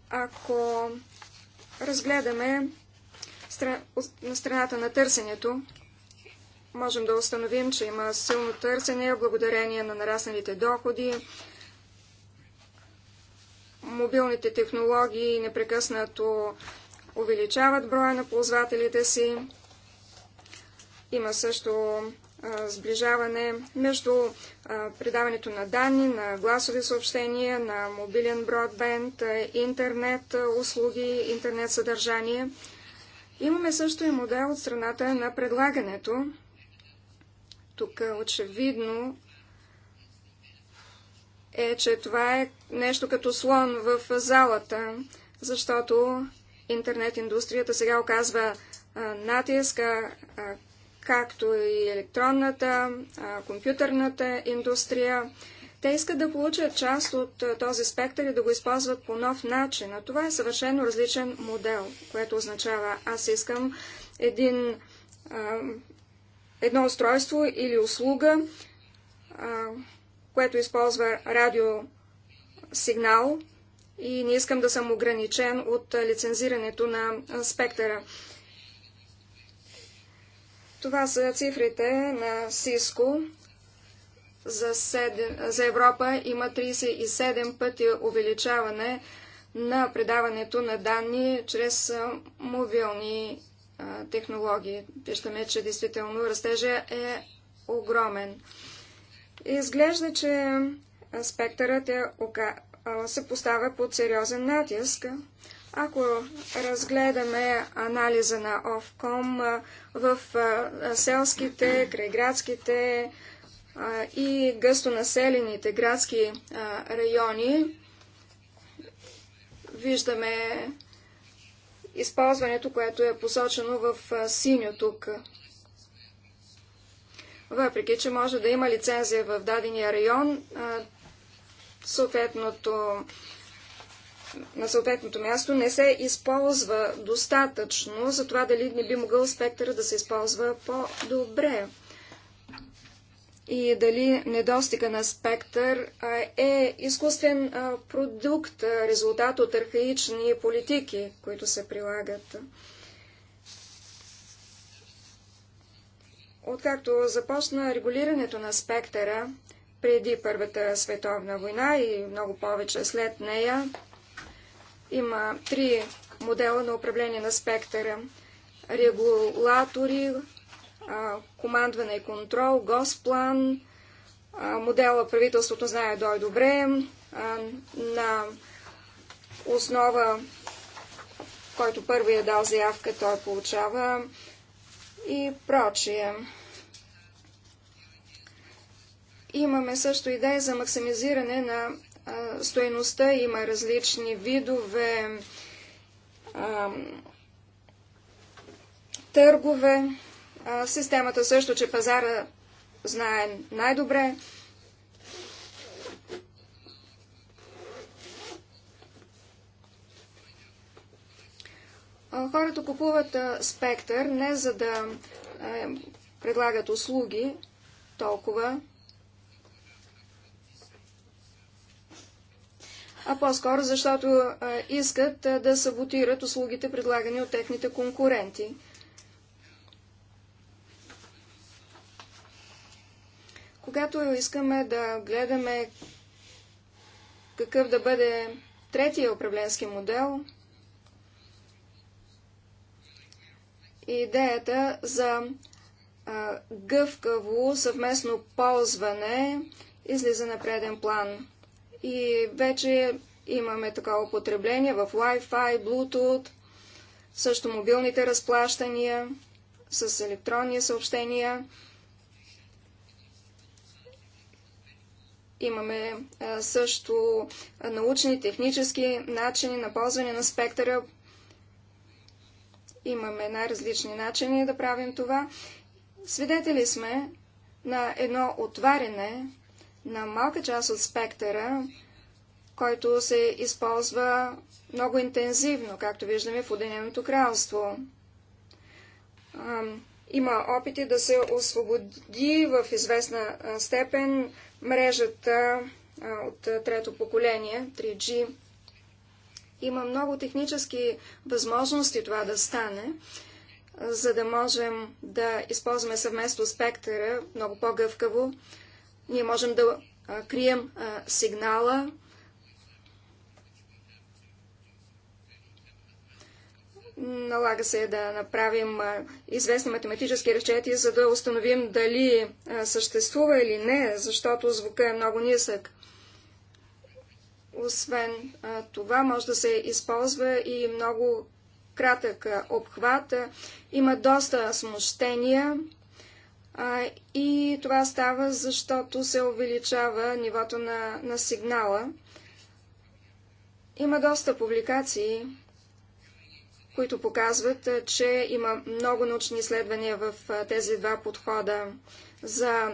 Ако разгледаме на страната на търсенето, можем да установим, че има силно търсене благодарение на нарасналите доходи, мобилните технологии непрекъснато увеличават броя на ползвателите си. Има също сближаване между предаването на данни, на гласови съобщения, на мобилен бродбенд, интернет услуги, интернет съдържание. Имаме също и модел от страната на предлагането. Тук очевидно е, че това е нещо като слон в залата, защото интернет индустрията сега оказва натиска, както и електронната, компютърната индустрия. Те искат да получат част от този спектър и да го използват по нов начин. А това е съвършено различен модел, което означава аз искам един, а, едно устройство или услуга, а, което използва радиосигнал и не искам да съм ограничен от лицензирането на спектъра. Това са цифрите на Сиско. За, 7, за Европа има 37 пъти увеличаване на предаването на данни чрез мобилни технологии. Виждаме, че действително растежа е огромен. Изглежда, че спектърът е, се поставя под сериозен натиск. Ако разгледаме анализа на ОВКОМ в селските, крайградските и гъстонаселените градски райони, виждаме използването, което е посочено в синьо тук въпреки че може да има лицензия в дадения район, съответното, на съответното място не се използва достатъчно, за това дали не би могъл спектъра да се използва по-добре. И дали недостига на спектър е изкуствен продукт, резултат от архаични политики, които се прилагат. Откакто започна регулирането на спектъра преди Първата световна война и много повече след нея, има три модела на управление на спектъра. Регулатори, командване и контрол, госплан, модела правителството знае дой добре, на основа, който първи е дал заявка, той получава и прочие. Имаме също идеи за максимизиране на а, стоеността. Има различни видове а, търгове. А, системата също, че пазара знае най-добре. Хората купуват спектър не за да предлагат услуги толкова, а по-скоро защото искат да саботират услугите, предлагани от техните конкуренти. Когато искаме да гледаме какъв да бъде третия управленски модел – идеята за а, гъвкаво съвместно ползване излиза на преден план. И вече имаме такова потребление в Wi-Fi, Bluetooth, също мобилните разплащания с електронни съобщения. Имаме също научни, технически начини на ползване на спектъра Имаме най-различни начини да правим това. Свидетели сме на едно отваряне на малка част от спектъра, който се използва много интензивно, както виждаме в Уединеното кралство. има опити да се освободи в известна степен мрежата от трето поколение, 3G. Има много технически възможности това да стане, за да можем да използваме съвместно спектъра много по-гъвкаво. Ние можем да крием сигнала, Налага се да направим известни математически разчети, за да установим дали съществува или не, защото звука е много нисък. Освен това, може да се използва и много кратък обхват. Има доста смущения и това става, защото се увеличава нивото на, на сигнала. Има доста публикации, които показват, че има много научни изследвания в тези два подхода за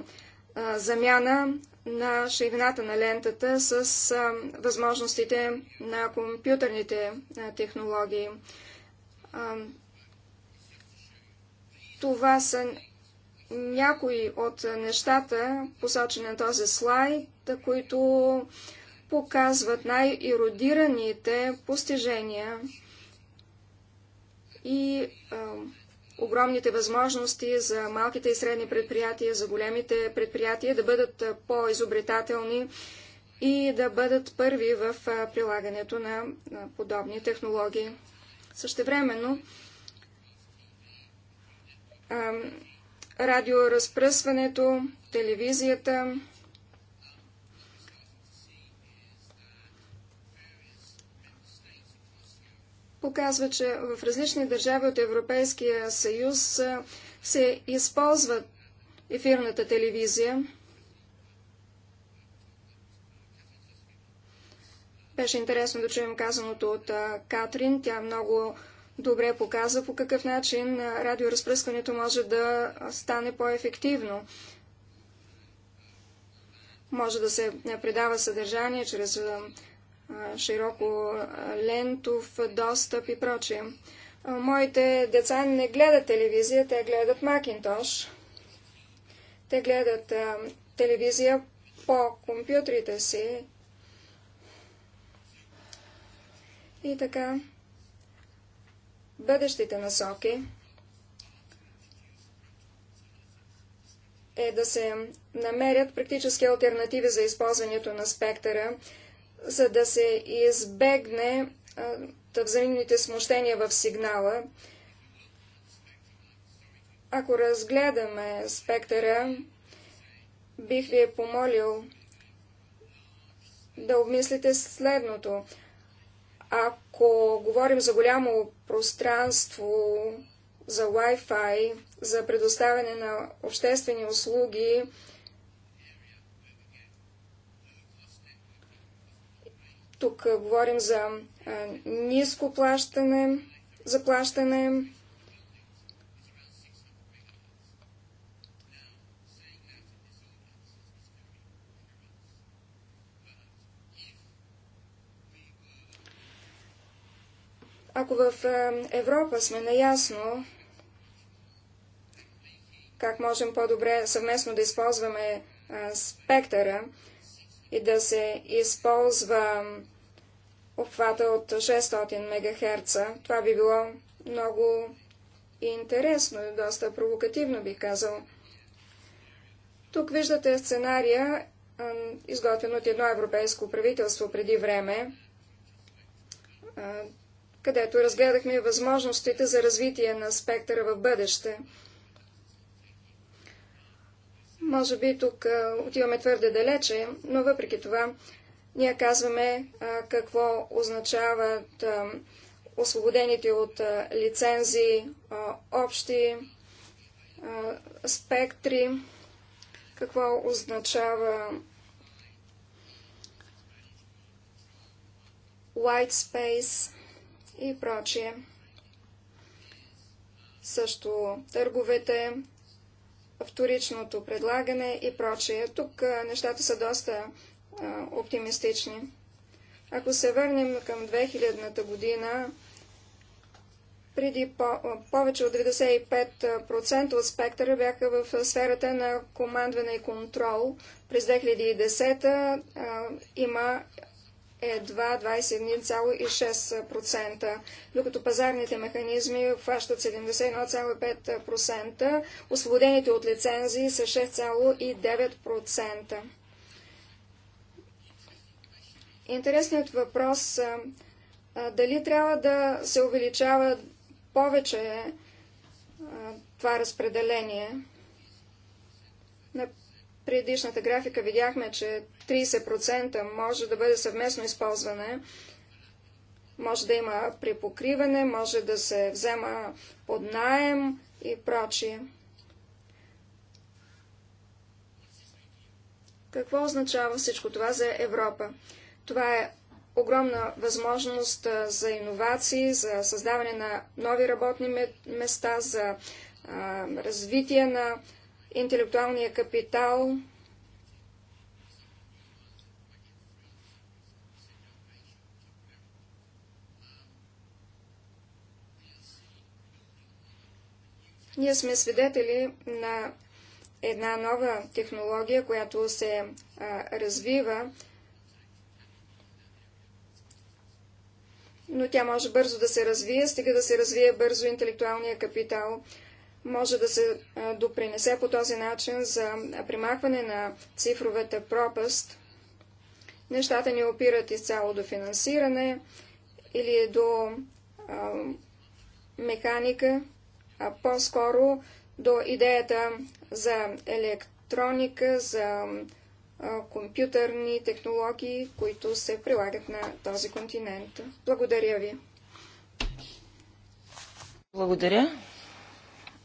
замяна на ширината на лентата с а, възможностите на компютърните а, технологии. А, това са някои от нещата, посочени на този слайд, които показват най-иродираните постижения и огромните възможности за малките и средни предприятия, за големите предприятия да бъдат по-изобретателни и да бъдат първи в прилагането на подобни технологии. Същевременно, радиоразпръсването, телевизията, показва, че в различни държави от Европейския съюз се използва ефирната телевизия. Беше интересно да чуем казаното от Катрин. Тя много добре показва по какъв начин радиоразпръскването може да стане по-ефективно. Може да се предава съдържание чрез широко лентов достъп и прочие. Моите деца не гледат телевизия, те гледат Макинтош. Те гледат телевизия по компютрите си. И така, бъдещите насоки е да се намерят практически альтернативи за използването на спектъра, за да се избегне а, взаимните смущения в сигнала. Ако разгледаме спектъра, бих ви е помолил да обмислите следното. Ако говорим за голямо пространство, за Wi-Fi, за предоставяне на обществени услуги, Тук говорим за ниско плащане, заплащане. Ако в Европа сме наясно как можем по-добре съвместно да използваме спектъра и да се използва обхвата от 600 МГц. Това би било много интересно и доста провокативно, бих казал. Тук виждате сценария, изготвен от едно европейско правителство преди време, където разгледахме възможностите за развитие на спектъра в бъдеще. Може би тук отиваме твърде далече, но въпреки това ние казваме какво означават освободените от лицензи общи спектри, какво означава white space и прочие. Също търговете, вторичното предлагане и прочие. Тук нещата са доста оптимистични. Ако се върнем към 2000-та година, преди по повече от 95% от спектъра бяха в сферата на командване и контрол. През 2010 а, има едва 21,6%, докато пазарните механизми обхващат 71,5%, освободените от лицензии са 6,9%. Интересният въпрос а, а, дали трябва да се увеличава повече а, това разпределение. На предишната графика видяхме, че 30% може да бъде съвместно използване. Може да има припокриване, може да се взема под найем и прочие. Какво означава всичко това за Европа? Това е огромна възможност за иновации, за създаване на нови работни места, за развитие на интелектуалния капитал. Ние сме свидетели на една нова технология, която се а, развива но тя може бързо да се развие, стига да се развие бързо интелектуалния капитал. Може да се допринесе по този начин за примахване на цифровата пропаст. Нещата ни опират изцяло до финансиране или до а, механика, а по-скоро до идеята за електроника, за компютърни технологии, които се прилагат на този континент. Благодаря ви. Благодаря.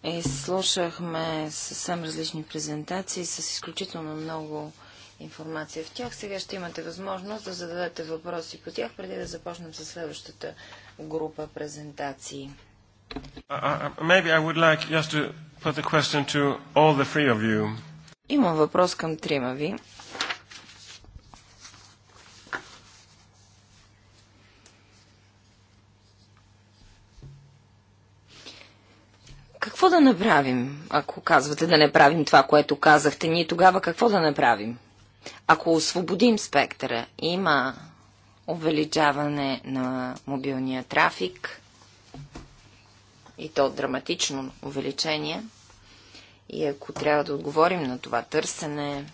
Изслушахме е, съвсем различни презентации с изключително много информация в тях. Сега ще имате възможност да зададете въпроси по тях, преди да започнем с следващата група презентации. like Имам въпрос към трима ви. Какво да направим, ако казвате да не правим това, което казахте? Ние тогава какво да направим? Ако освободим спектъра, има увеличаване на мобилния трафик и то драматично увеличение. И ако трябва да отговорим на това търсене,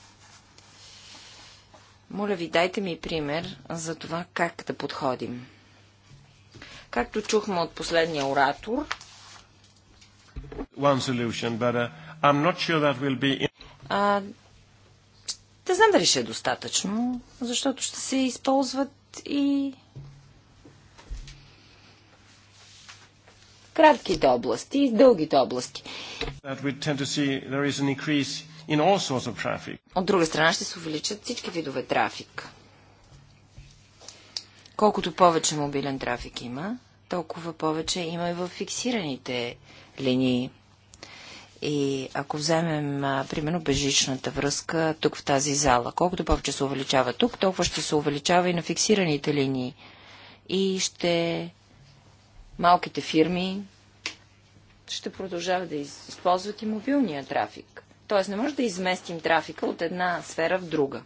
моля ви, дайте ми пример за това как да подходим. Както чухме от последния оратор, One solution, but uh, I'm not sure that will be... А, не знам дали ще е достатъчно, защото ще се използват и кратките области и дългите области. От друга страна ще се увеличат всички видове трафик. Колкото повече мобилен трафик има, толкова повече има и в фиксираните линии. И ако вземем, а, примерно, бежичната връзка тук в тази зала, колкото повече се увеличава тук, толкова ще се увеличава и на фиксираните линии. И ще малките фирми ще продължават да използват и мобилния трафик. Тоест не може да изместим трафика от една сфера в друга.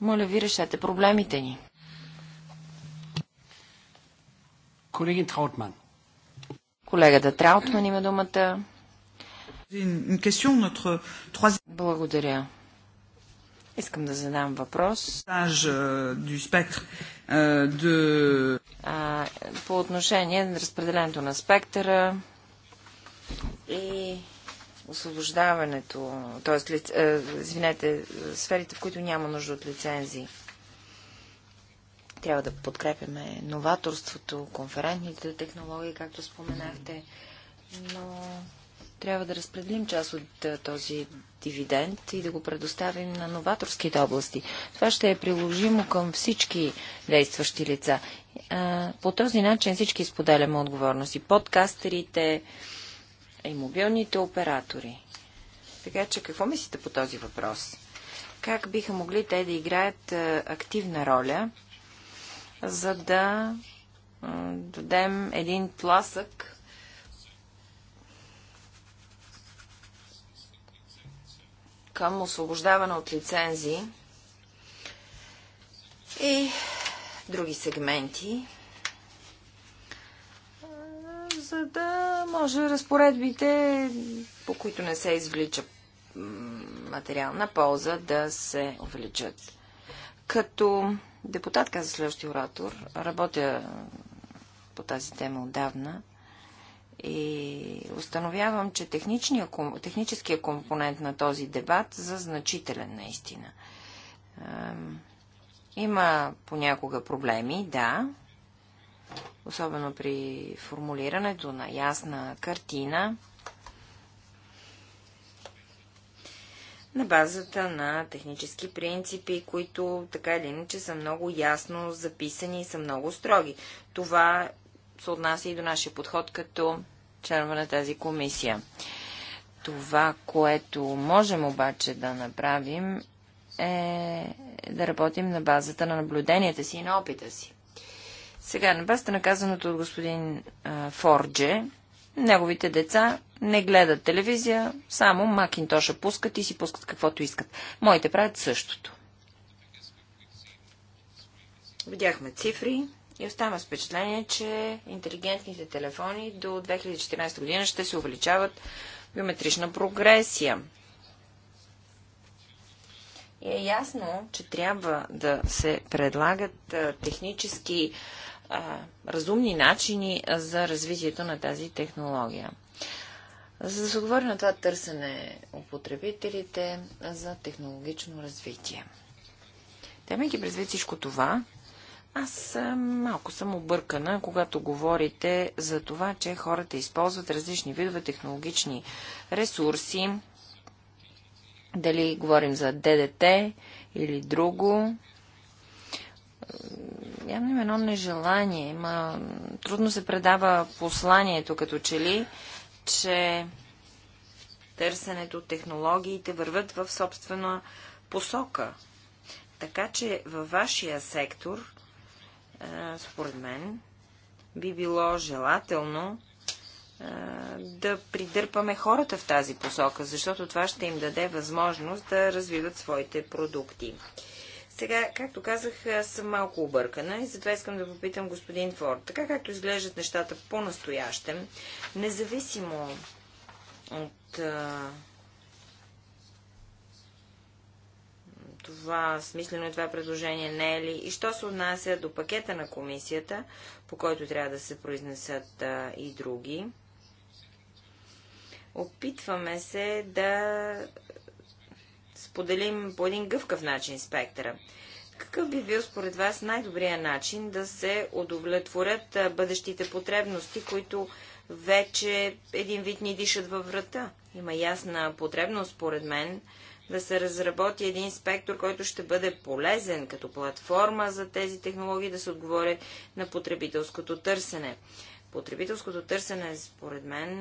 Моля ви, решете проблемите ни. Колегин Траутман. Колегата Траутман има думата. Благодаря. Искам да задам въпрос. Euh, euh, по отношение на разпределението на спектъра и освобождаването, т.е. извинете, сферите, в които няма нужда от лицензии. Трябва да подкрепяме новаторството, конферентните технологии, както споменахте, но трябва да разпределим част от този дивиденд и да го предоставим на новаторските области. Това ще е приложимо към всички действащи лица. По този начин всички споделяме отговорност. И подкастерите, и мобилните оператори. Така че какво мислите по този въпрос? Как биха могли те да играят активна роля за да дадем един тласък към освобождаване от лицензии и други сегменти, за да може разпоредбите, по които не се извлича материална полза, да се увеличат. Като депутат, каза следващия оратор. Работя по тази тема отдавна и установявам, че техническия компонент на този дебат за значителен наистина. Има понякога проблеми, да, особено при формулирането на ясна картина на базата на технически принципи, които така или иначе са много ясно записани и са много строги. Това се отнася и до нашия подход като членове на тази комисия. Това, което можем обаче да направим е да работим на базата на наблюденията си и на опита си. Сега, на базата на казаното от господин а, Фордже, Неговите деца не гледат телевизия, само Макинтоша пускат и си пускат каквото искат. Моите правят същото. Видяхме цифри и остава с впечатление, че интелигентните телефони до 2014 година ще се увеличават биометрична прогресия. И е ясно, че трябва да се предлагат технически разумни начини за развитието на тази технология. За да се говори на това търсене у потребителите за технологично развитие. Темайки през всичко това, аз малко съм объркана, когато говорите за това, че хората използват различни видове технологични ресурси, дали говорим за ДДТ или друго, явно има едно нежелание. Има... Трудно се предава посланието като че ли, че търсенето, технологиите върват в собствена посока. Така че във вашия сектор, е, според мен, би било желателно е, да придърпаме хората в тази посока, защото това ще им даде възможност да развиват своите продукти. Сега, както казах, аз съм малко объркана и затова искам да попитам господин Форд. Така както изглеждат нещата по-настоящем, независимо от а, това смислено и това предложение не е ли? И що се отнася до пакета на комисията, по който трябва да се произнесат а, и други? Опитваме се да споделим по един гъвкав начин спектъра. Какъв би бил според вас най-добрият начин да се удовлетворят бъдещите потребности, които вече един вид ни дишат във врата? Има ясна потребност, според мен, да се разработи един спектър, който ще бъде полезен като платформа за тези технологии да се отговори на потребителското търсене. Потребителското търсене, според мен,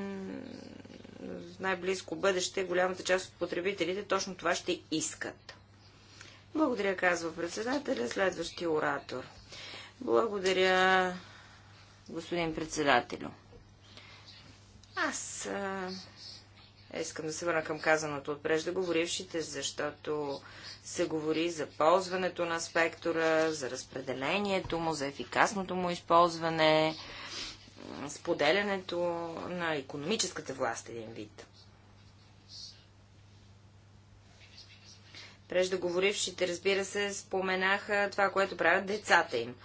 в най-близко бъдеще голямата част от потребителите точно това ще искат. Благодаря, казва председателя. Следващия оратор. Благодаря, господин председателю. Аз а, искам да се върна към казаното от преждеговорившите, защото се говори за ползването на спектъра, за разпределението му, за ефикасното му използване, споделянето на економическата власт е един вид. Преждоговорившите, разбира се, споменаха това, което правят децата им.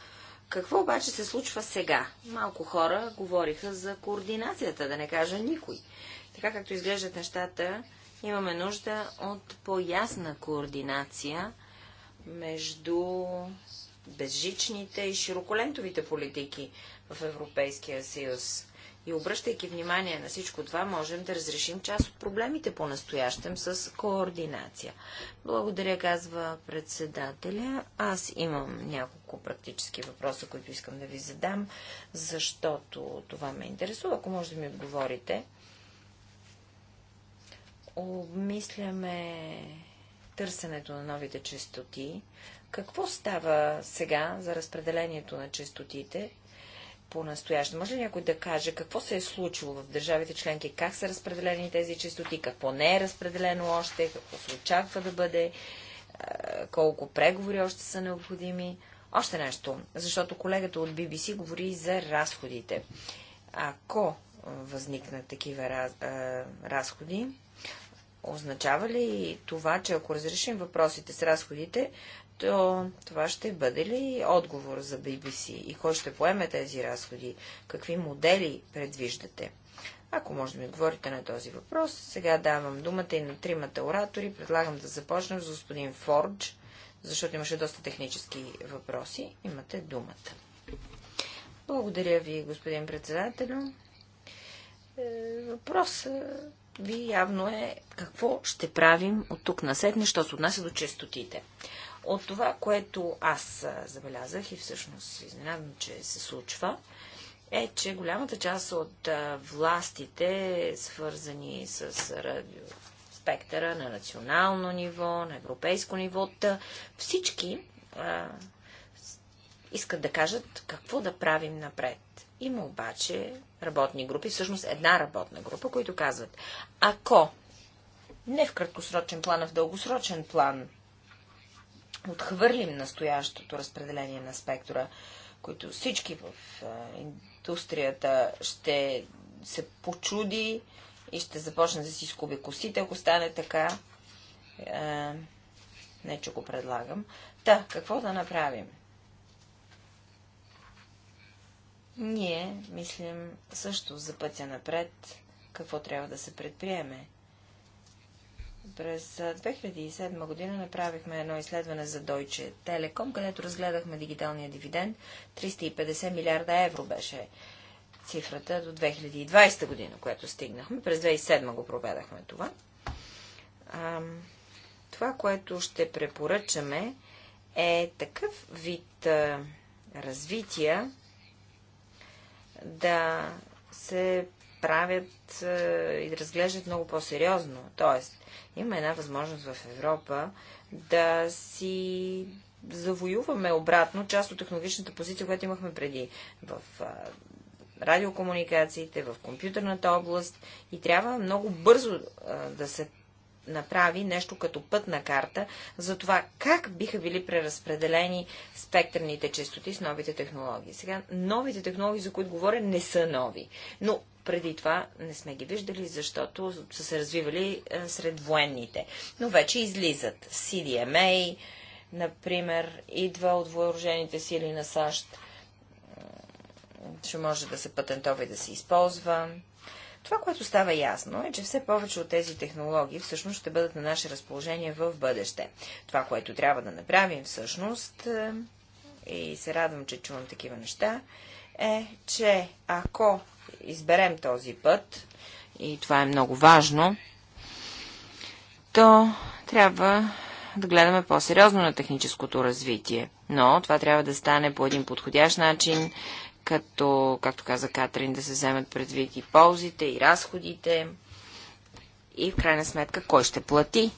Какво обаче се случва сега? Малко хора говориха за координацията, да не кажа никой. Така както изглеждат нещата, имаме нужда от по-ясна координация между безжичните и широколентовите политики в Европейския съюз. И обръщайки внимание на всичко това, можем да разрешим част от проблемите по-настоящем с координация. Благодаря, казва председателя. Аз имам няколко практически въпроса, които искам да ви задам, защото това ме интересува. Ако може да ми отговорите. Обмисляме търсенето на новите частоти. Какво става сега за разпределението на частотите по-настоящем. Може ли някой да каже какво се е случило в държавите членки, как са разпределени тези частоти, какво не е разпределено още, какво се очаква да бъде, колко преговори още са необходими? Още нещо, защото колегата от BBC говори за разходите. Ако възникнат такива раз, а, разходи, означава ли това, че ако разрешим въпросите с разходите, то това ще бъде ли отговор за BBC и кой ще поеме тези разходи? Какви модели предвиждате? Ако може да ми отговорите на този въпрос, сега давам думата и на тримата оратори. Предлагам да започнем с господин Фордж, защото имаше доста технически въпроси. Имате думата. Благодаря ви, господин председателю. Е, въпросът ви явно е какво ще правим от тук на сетне, що се отнася до честотите. От това, което аз забелязах и всъщност изненадам, че се случва, е, че голямата част от властите, свързани с радиоспектъра на национално ниво, на европейско ниво, всички а, искат да кажат какво да правим напред. Има обаче работни групи, всъщност една работна група, които казват, ако не в краткосрочен план, а в дългосрочен план отхвърлим настоящото разпределение на спектъра, които всички в индустрията ще се почуди и ще започне да си скуби косите, ако стане така. Не, че го предлагам. Та, какво да направим? Ние мислим също за пътя напред, какво трябва да се предприеме. През 2007 година направихме едно изследване за Deutsche Telekom, където разгледахме дигиталния дивиденд. 350 милиарда евро беше цифрата до 2020 година, която стигнахме. През 2007 го проведахме това. това, което ще препоръчаме, е такъв вид развития да се правят е, и да разглеждат много по-сериозно. Тоест, има една възможност в Европа да си завоюваме обратно част от технологичната позиция, която имахме преди в е, радиокомуникациите, в компютърната област и трябва много бързо е, да се направи нещо като пътна карта за това как биха били преразпределени спектърните частоти с новите технологии. Сега, новите технологии, за които говоря, не са нови, но преди това не сме ги виждали, защото са се развивали е, сред военните. Но вече излизат. CDMA, например, идва от въоружените сили на САЩ. Ще може да се патентова и да се използва. Това, което става ясно е, че все повече от тези технологии всъщност ще бъдат на наше разположение в бъдеще. Това, което трябва да направим всъщност, е, и се радвам, че чувам такива неща, е, че ако изберем този път, и това е много важно, то трябва да гледаме по-сериозно на техническото развитие. Но това трябва да стане по един подходящ начин, като, както каза Катрин, да се вземат предвид и ползите, и разходите. И в крайна сметка, кой ще плати?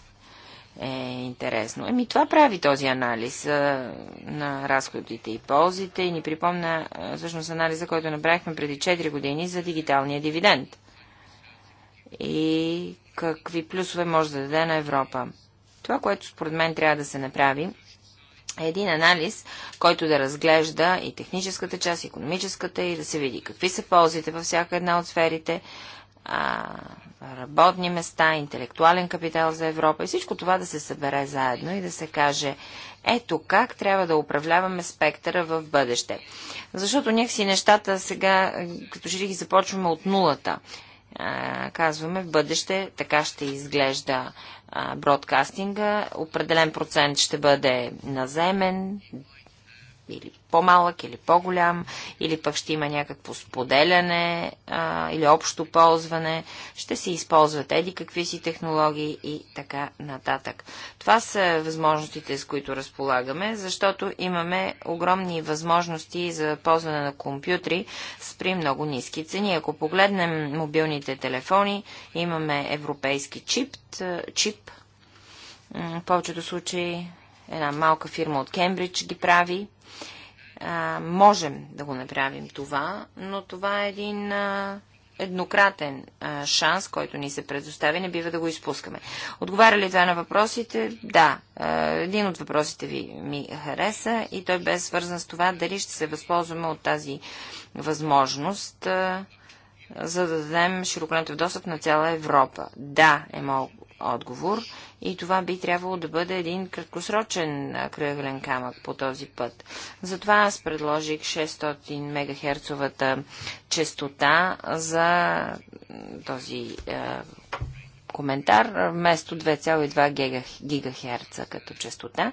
Е интересно. Еми, това прави този анализ а, на разходите и ползите и ни припомня а, всъщност анализа, който направихме преди 4 години за дигиталния дивиденд. И какви плюсове може да даде на Европа. Това, което според мен трябва да се направи, един анализ, който да разглежда и техническата част, и економическата, и да се види какви са ползите във всяка една от сферите, а, работни места, интелектуален капитал за Европа и всичко това да се събере заедно и да се каже ето как трябва да управляваме спектъра в бъдеще. Защото някакси нещата сега, като че ли ги започваме от нулата казваме в бъдеще така ще изглежда бродкастинга. Определен процент ще бъде наземен, или по-малък, или по-голям, или пък ще има някакво споделяне а, или общо ползване, ще се използват еди какви си технологии и така нататък. Това са възможностите, с които разполагаме, защото имаме огромни възможности за ползване на компютри с при много ниски цени. Ако погледнем мобилните телефони, имаме европейски чип, чип в повечето случаи една малка фирма от Кембридж ги прави. А, можем да го направим това, но това е един а, еднократен а, шанс, който ни се предоставя. не бива да го изпускаме. Отговаря ли това на въпросите? Да. А, един от въпросите ви ми хареса и той бе свързан с това дали ще се възползваме от тази възможност, а, за да дадем широколентов достъп на цяла Европа. Да, е моят отговор и това би трябвало да бъде един краткосрочен кръглен камък по този път. Затова аз предложих 600 мегахерцовата частота за този е, коментар вместо 2,2 гигахерца като частота.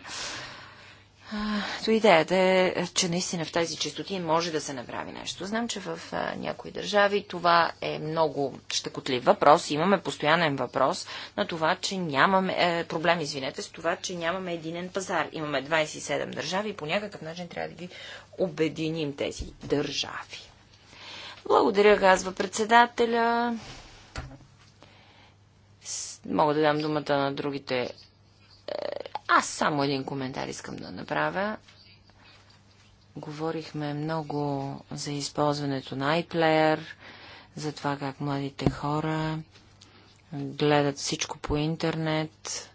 То идеята е, че наистина в тези частоти може да се направи нещо. Знам, че в някои държави това е много щекотлив въпрос. Имаме постоянен въпрос на това, че нямаме... Е, проблем, извинете, с това, че нямаме единен пазар. Имаме 27 държави и по някакъв начин трябва да ги обединим тези държави. Благодаря, казва председателя. Мога да дам думата на другите е, аз само един коментар искам да направя. Говорихме много за използването на iPlayer, за това как младите хора гледат всичко по интернет,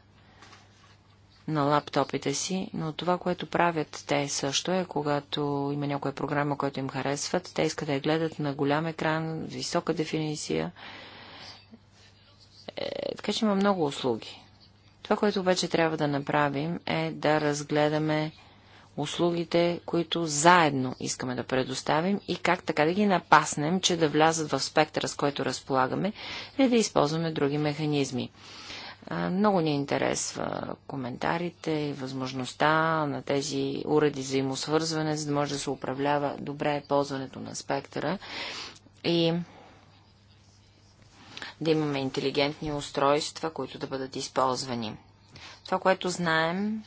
на лаптопите си, но това, което правят те също е, когато има някоя програма, която им харесват, те искат да я гледат на голям екран, висока дефиниция. Е, така че има много услуги. Това, което обаче трябва да направим е да разгледаме услугите, които заедно искаме да предоставим и как така да ги напаснем, че да влязат в спектъра, с който разполагаме, или да използваме други механизми. Много ни интересва коментарите и възможността на тези уреди за имосвързване, за да може да се управлява добре ползването на спектъра. И да имаме интелигентни устройства, които да бъдат използвани. Това, което знаем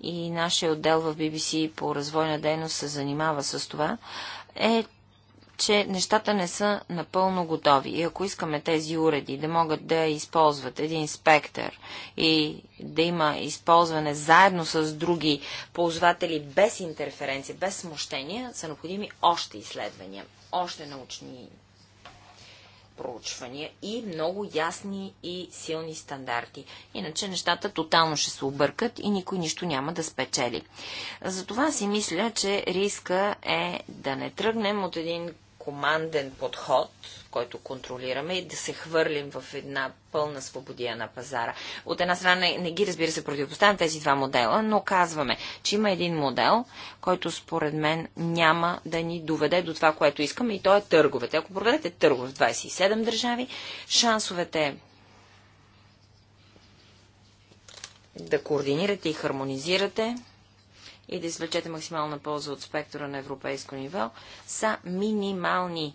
и нашия отдел в BBC по развойна дейност се занимава с това, е, че нещата не са напълно готови. И ако искаме тези уреди да могат да използват един спектър и да има използване заедно с други ползватели без интерференция, без смущения, са необходими още изследвания, още научни проучвания и много ясни и силни стандарти. Иначе нещата тотално ще се объркат и никой нищо няма да спечели. Затова си мисля, че риска е да не тръгнем от един команден подход, който контролираме, и да се хвърлим в една пълна свободия на пазара. От една страна не, не ги, разбира се, противопоставям тези два модела, но казваме, че има един модел, който според мен няма да ни доведе до това, което искаме, и то е търговете. Ако проведете търгове в 27 държави, шансовете да координирате и хармонизирате и да извлечете максимална полза от спектъра на европейско ниво, са минимални.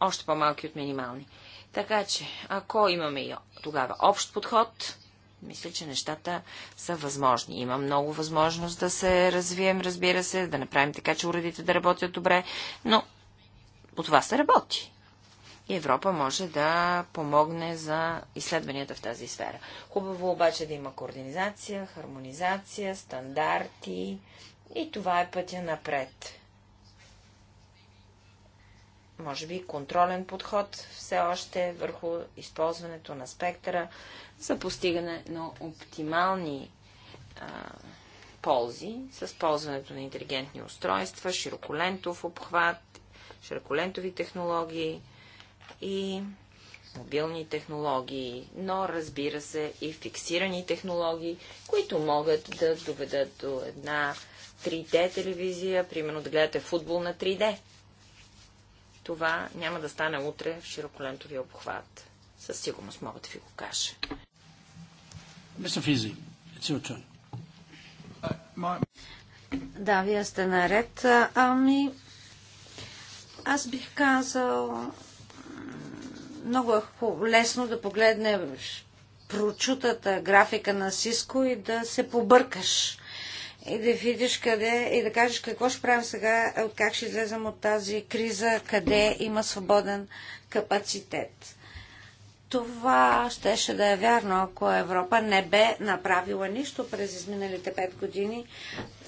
Още по-малки от минимални. Така че, ако имаме и тогава общ подход, мисля, че нещата са възможни. Има много възможност да се развием, разбира се, да направим така, че уредите да работят добре, но по това се работи. И Европа може да помогне за изследванията в тази сфера. Хубаво обаче да има координация, хармонизация, стандарти и това е пътя напред. Може би контролен подход все още върху използването на спектъра за постигане на оптимални а, ползи с ползването на интелигентни устройства, широколентов обхват, широколентови технологии – и мобилни технологии, но разбира се и фиксирани технологии, които могат да доведат до една 3D телевизия, примерно да гледате футбол на 3D. Това няма да стане утре в широколентовия обхват. Със сигурност мога да ви го кажа. Мисля Физи, it's Да, вие сте наред. Ами, аз бих казал много е лесно да погледнеш прочутата графика на Сиско и да се побъркаш и да видиш къде и да кажеш какво ще правим сега, от как ще излезем от тази криза, къде има свободен капацитет. Това щеше да е вярно, ако Европа не бе направила нищо през изминалите пет години,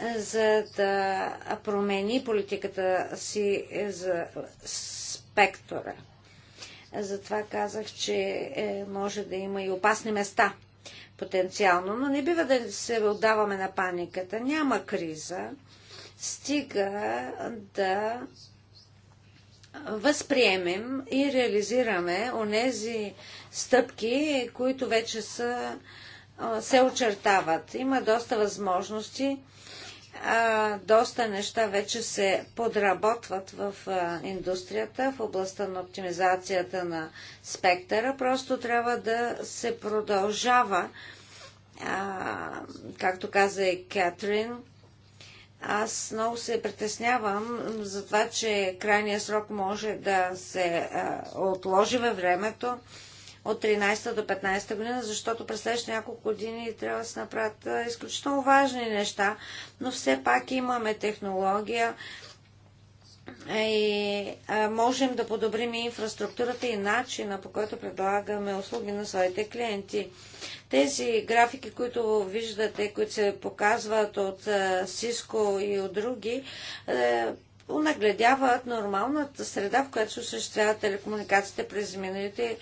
е, за да промени политиката си е, за спектъра. Затова казах, че е, може да има и опасни места потенциално, но не бива да се отдаваме на паниката. Няма криза. Стига да възприемем и реализираме онези стъпки, които вече са, се очертават. Има доста възможности доста неща вече се подработват в индустрията, в областта на оптимизацията на спектъра. Просто трябва да се продължава, както каза и Кетрин. Аз много се притеснявам за това, че крайният срок може да се отложи във времето от 13 до 15 година, защото през следващите няколко години трябва да се направят изключително важни неща, но все пак имаме технология и можем да подобрим и инфраструктурата и начина по който предлагаме услуги на своите клиенти. Тези графики, които виждате, които се показват от Cisco и от други, онагледяват нормалната среда, в която се осъществяват телекомуникациите през миналите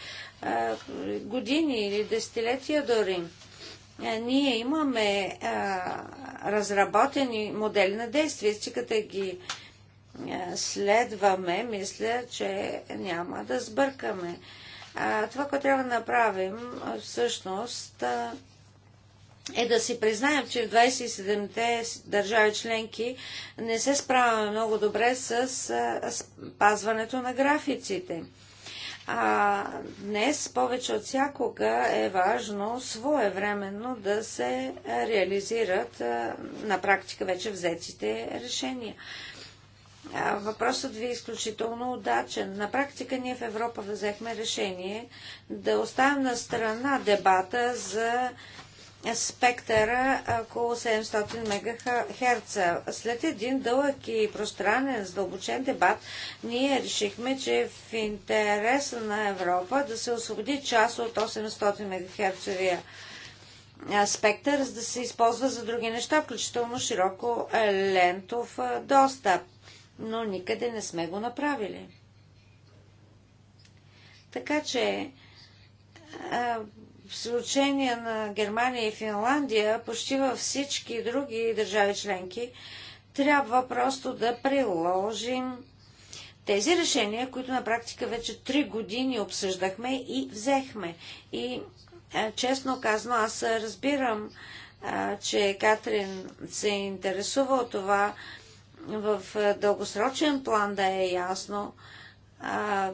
години или десетилетия дори. Е, ние имаме разработени модели на действие, като ги е, следваме, мисля, че няма да сбъркаме. това, което трябва да направим, всъщност, е да си признаем, че в 27-те държави членки не се справяме много добре с спазването на графиците. А днес повече от всякога е важно своевременно да се реализират на практика вече взетите решения. Въпросът ви е изключително удачен. На практика ние в Европа взехме решение да оставим на страна дебата за спектъра около 700 МГц. След един дълъг и пространен, задълбочен дебат, ние решихме, че е в интерес на Европа да се освободи част от 800 МГц спектър, за да се използва за други неща, включително широко лентов достъп. Но никъде не сме го направили. Така че в случение на Германия и Финландия, почти във всички други държави членки, трябва просто да приложим тези решения, които на практика вече три години обсъждахме и взехме. И честно казано, аз разбирам, че Катрин се интересува от това в дългосрочен план да е ясно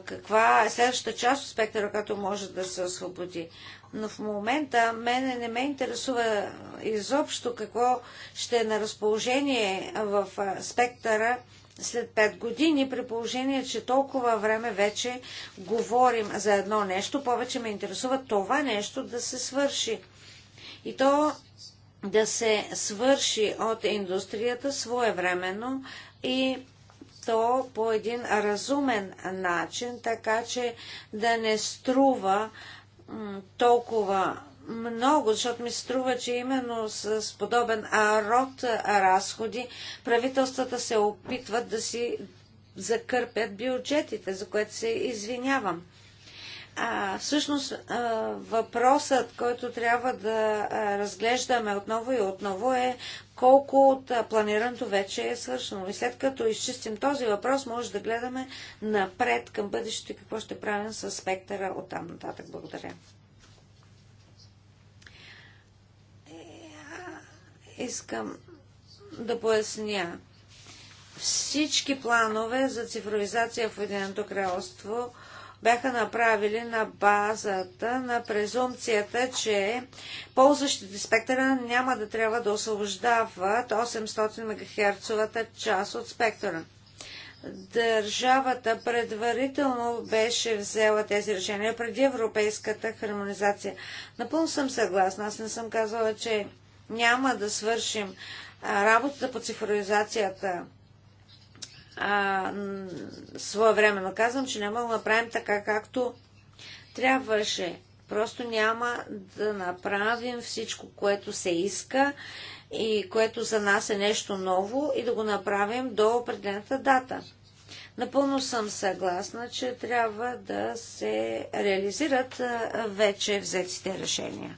каква е следващата част от спектъра, която може да се освободи но в момента мене не ме интересува изобщо какво ще е на разположение в спектъра след 5 години, при положение, че толкова време вече говорим за едно нещо, повече ме интересува това нещо да се свърши. И то да се свърши от индустрията своевременно и то по един разумен начин, така че да не струва толкова много, защото ми струва, че именно с подобен род разходи правителствата се опитват да си закърпят бюджетите, за което се извинявам. А, всъщност а, въпросът, който трябва да разглеждаме отново и отново е колко от планирането вече е свършено. И след като изчистим този въпрос, може да гледаме напред към бъдещето и какво ще правим с спектъра от там нататък. Благодаря. Е, искам да поясня. Всички планове за цифровизация в Единеното кралство – бяха направили на базата на презумцията, че ползващите спектъра няма да трябва да освобождават 800 МГц част от спектъра. Държавата предварително беше взела тези решения преди европейската хармонизация. Напълно съм съгласна. Аз не съм казала, че няма да свършим работата по цифровизацията а, своевременно казвам, че няма да направим така, както трябваше. Просто няма да направим всичко, което се иска и което за нас е нещо ново и да го направим до определената дата. Напълно съм съгласна, че трябва да се реализират вече взетите решения.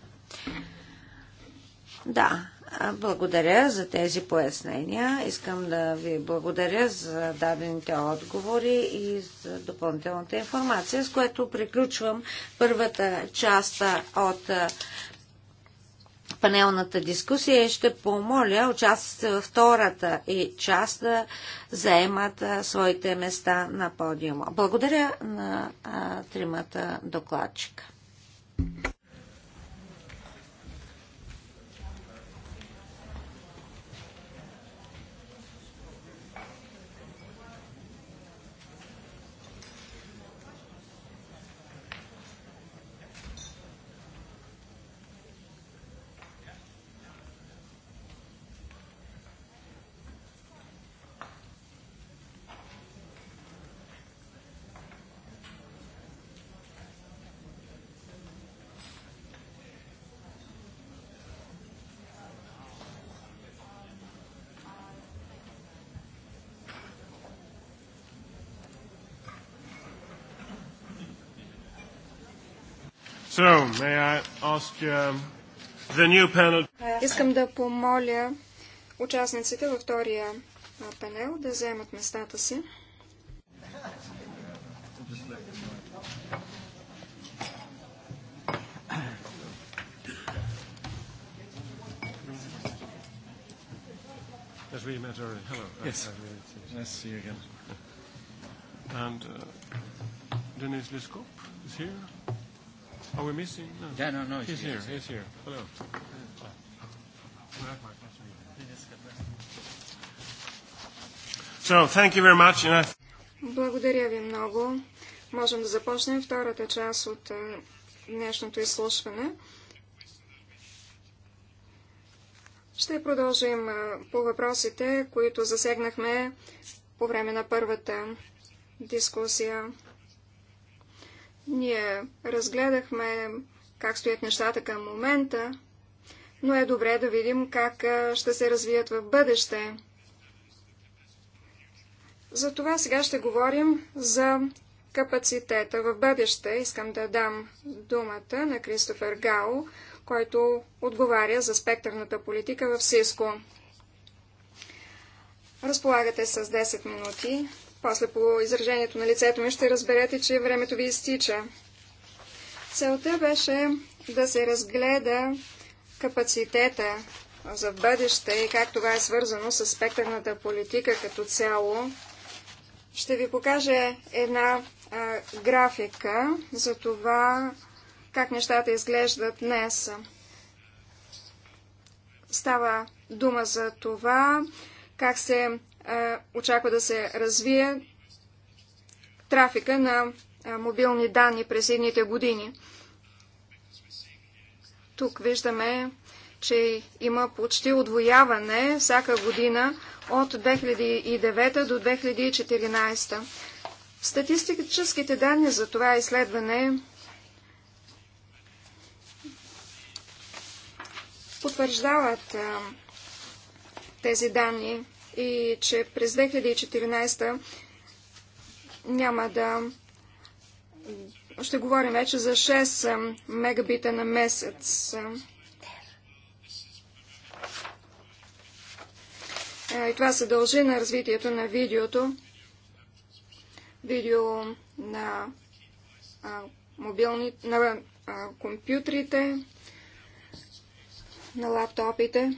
Да, благодаря за тези пояснения. Искам да ви благодаря за дадените отговори и за допълнителната информация, с което приключвам първата част от панелната дискусия и ще помоля участниците във втората и част да заемат своите места на подиума. Благодаря на тримата докладчика. So, may I ask uh, the new panel... Искам да помоля участниците във втория панел да вземат местата си. As we met already. Hello. Yes. Nice to see you again. And uh, Denise Liskop is here. Are we missing? No. Yeah, no, no. He's, he's here. He's here. Hello. So, thank you very much. And I... Благодаря ви много. Можем да започнем втората част от днешното изслушване. Ще продължим по въпросите, които засегнахме по време на първата дискусия. Ние разгледахме как стоят нещата към момента, но е добре да видим как ще се развият в бъдеще. Затова сега ще говорим за капацитета в бъдеще. Искам да дам думата на Кристофер Гао, който отговаря за спектърната политика в СИСКО. Разполагате с 10 минути после по изражението на лицето ми ще разберете, че времето ви изтича. Целта беше да се разгледа капацитета за бъдеще и как това е свързано с спектърната политика като цяло. Ще ви покажа една а, графика за това как нещата изглеждат днес. Става дума за това как се очаква да се развие трафика на мобилни данни през едните години. Тук виждаме, че има почти отвояване всяка година от 2009 до 2014. Статистическите данни за това изследване потвърждават тези данни и че през 2014 няма да... Ще говорим вече за 6 мегабита на месец. Е, и това се дължи на развитието на видеото, видео на а, мобилни, на а, компютрите, на лаптопите.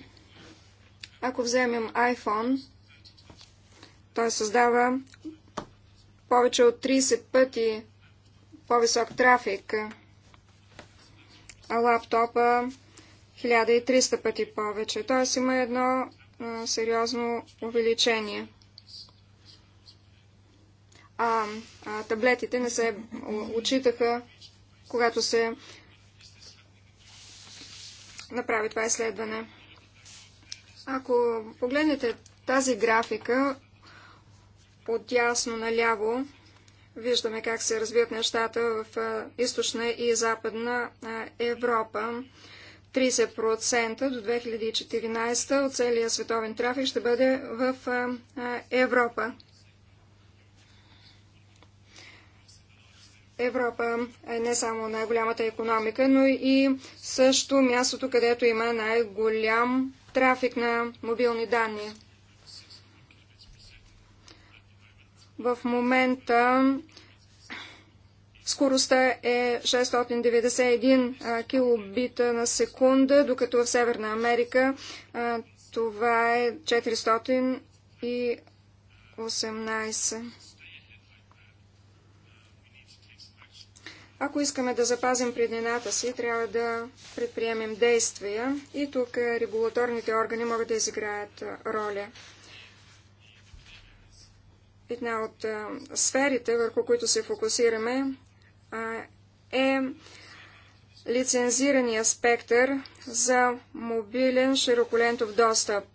Ако вземем iPhone, той създава повече от 30 пъти по-висок трафик, а лаптопа 1300 пъти повече. Т.е. има едно а, сериозно увеличение. А, а таблетите не се учитаха, когато се направи това изследване. Ако погледнете тази графика от ясно наляво, виждаме как се развият нещата в източна и западна Европа. 30% до 2014 от целия световен трафик ще бъде в Европа. Европа е не само най-голямата економика, но и също мястото, където има най-голям трафик на мобилни данни. В момента скоростта е 691 килобита на секунда, докато в Северна Америка това е 418. Ако искаме да запазим преднината си, трябва да предприемем действия и тук регулаторните органи могат да изиграят роля. Една от сферите, върху които се фокусираме, е лицензирания спектър за мобилен широколентов достъп.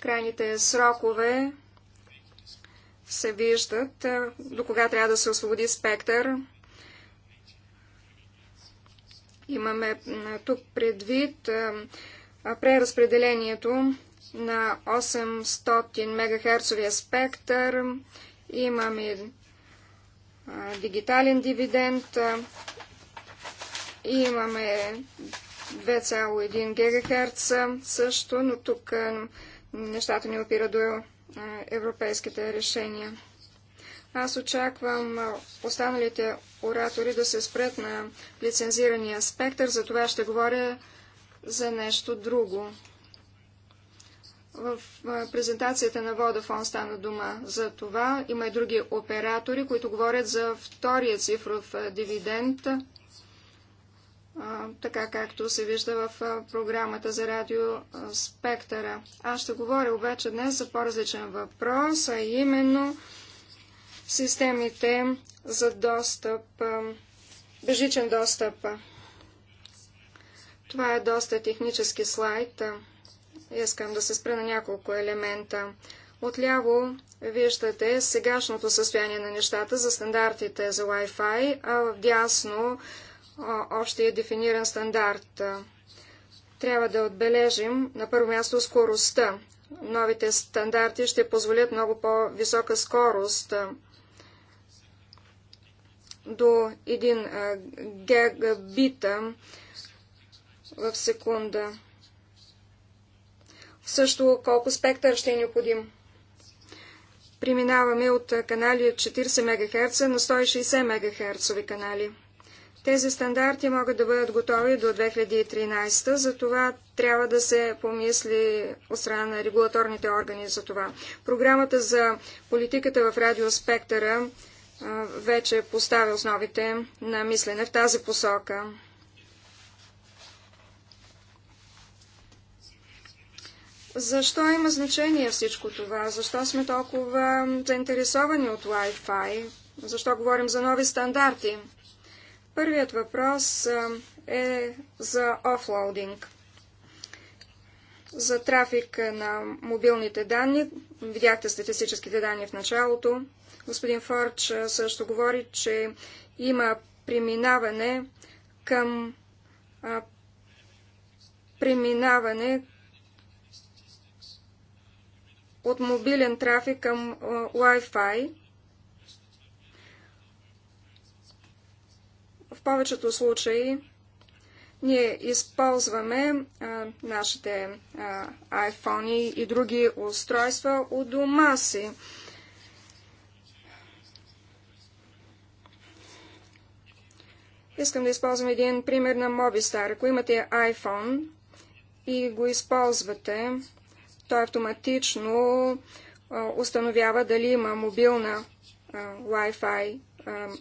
Крайните срокове се виждат, е, до кога трябва да се освободи спектър. Имаме тук предвид е, преразпределението на 800 МГц спектър. Имаме е, дигитален дивиденд. Имаме 2,1 ГГц също, но тук нещата ни опират до европейските решения. Аз очаквам останалите оратори да се спрят на лицензирания спектър, за това ще говоря за нещо друго. В презентацията на Vodafone стана дума за това. Има и други оператори, които говорят за втория цифров дивиденд така както се вижда в програмата за радио Спектъра. Аз ще говоря обаче днес за по-различен въпрос, а именно системите за достъп, бежичен достъп. Това е доста технически слайд. Искам да се спра на няколко елемента. Отляво виждате сегашното състояние на нещата за стандартите за Wi-Fi, а дясно още е дефиниран стандарт. Трябва да отбележим на първо място скоростта. Новите стандарти ще позволят много по-висока скорост до 1 гигабита в секунда. Също колко спектър ще е необходим. Преминаваме от канали 40 МГц на 160 МГц канали. Тези стандарти могат да бъдат готови до 2013, за това трябва да се помисли от страна на регулаторните органи за това. Програмата за политиката в радиоспектъра вече поставя основите на мислене в тази посока. Защо има значение всичко това? Защо сме толкова заинтересовани от Wi-Fi? Защо говорим за нови стандарти? Първият въпрос е за офлоудинг, за трафик на мобилните данни. Видяхте статистическите данни в началото. Господин Форч също говори, че има преминаване към а, преминаване от мобилен трафик към Wi-Fi. В повечето случаи ние използваме а, нашите а, iPhone и други устройства у дома си. Искам да използвам един пример на Mobistar. Ако имате iPhone и го използвате, той автоматично а, установява дали има мобилна а, Wi-Fi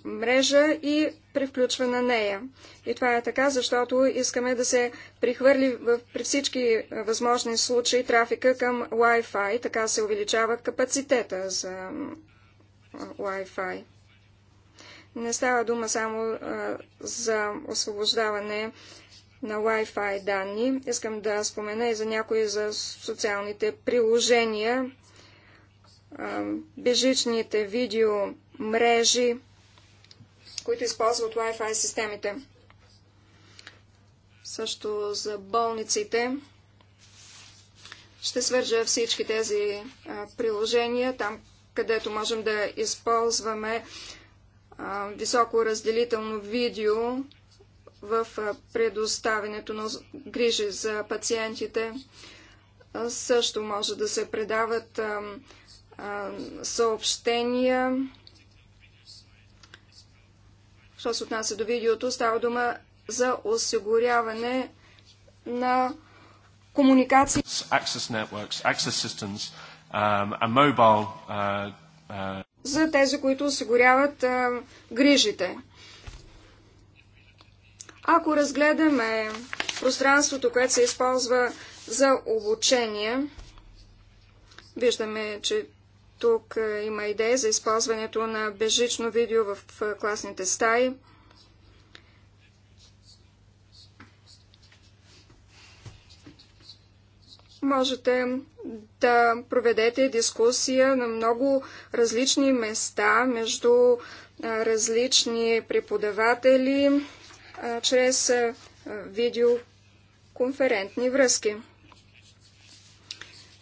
мрежа и превключва на нея. И това е така, защото искаме да се прихвърли в, при всички възможни случаи трафика към Wi-Fi, така се увеличава капацитета за Wi-Fi. Не става дума само а, за освобождаване на Wi-Fi данни. Искам да спомена и за някои за социалните приложения, а, бежичните видео мрежи, които използват Wi-Fi системите. Също за болниците. Ще свържа всички тези приложения там, където можем да използваме високо разделително видео в предоставянето на грижи за пациентите. Също може да се предават съобщения Що се отнася до видеото, става дума за осигуряване на комуникации. Access access um, mobile, uh, uh... За тези, които осигуряват uh, грижите. Ако разгледаме пространството, което се използва за обучение, виждаме, че тук е, има идея за използването на бежично видео в е, класните стаи. Можете да проведете дискусия на много различни места между е, различни преподаватели чрез видеоконферентни връзки.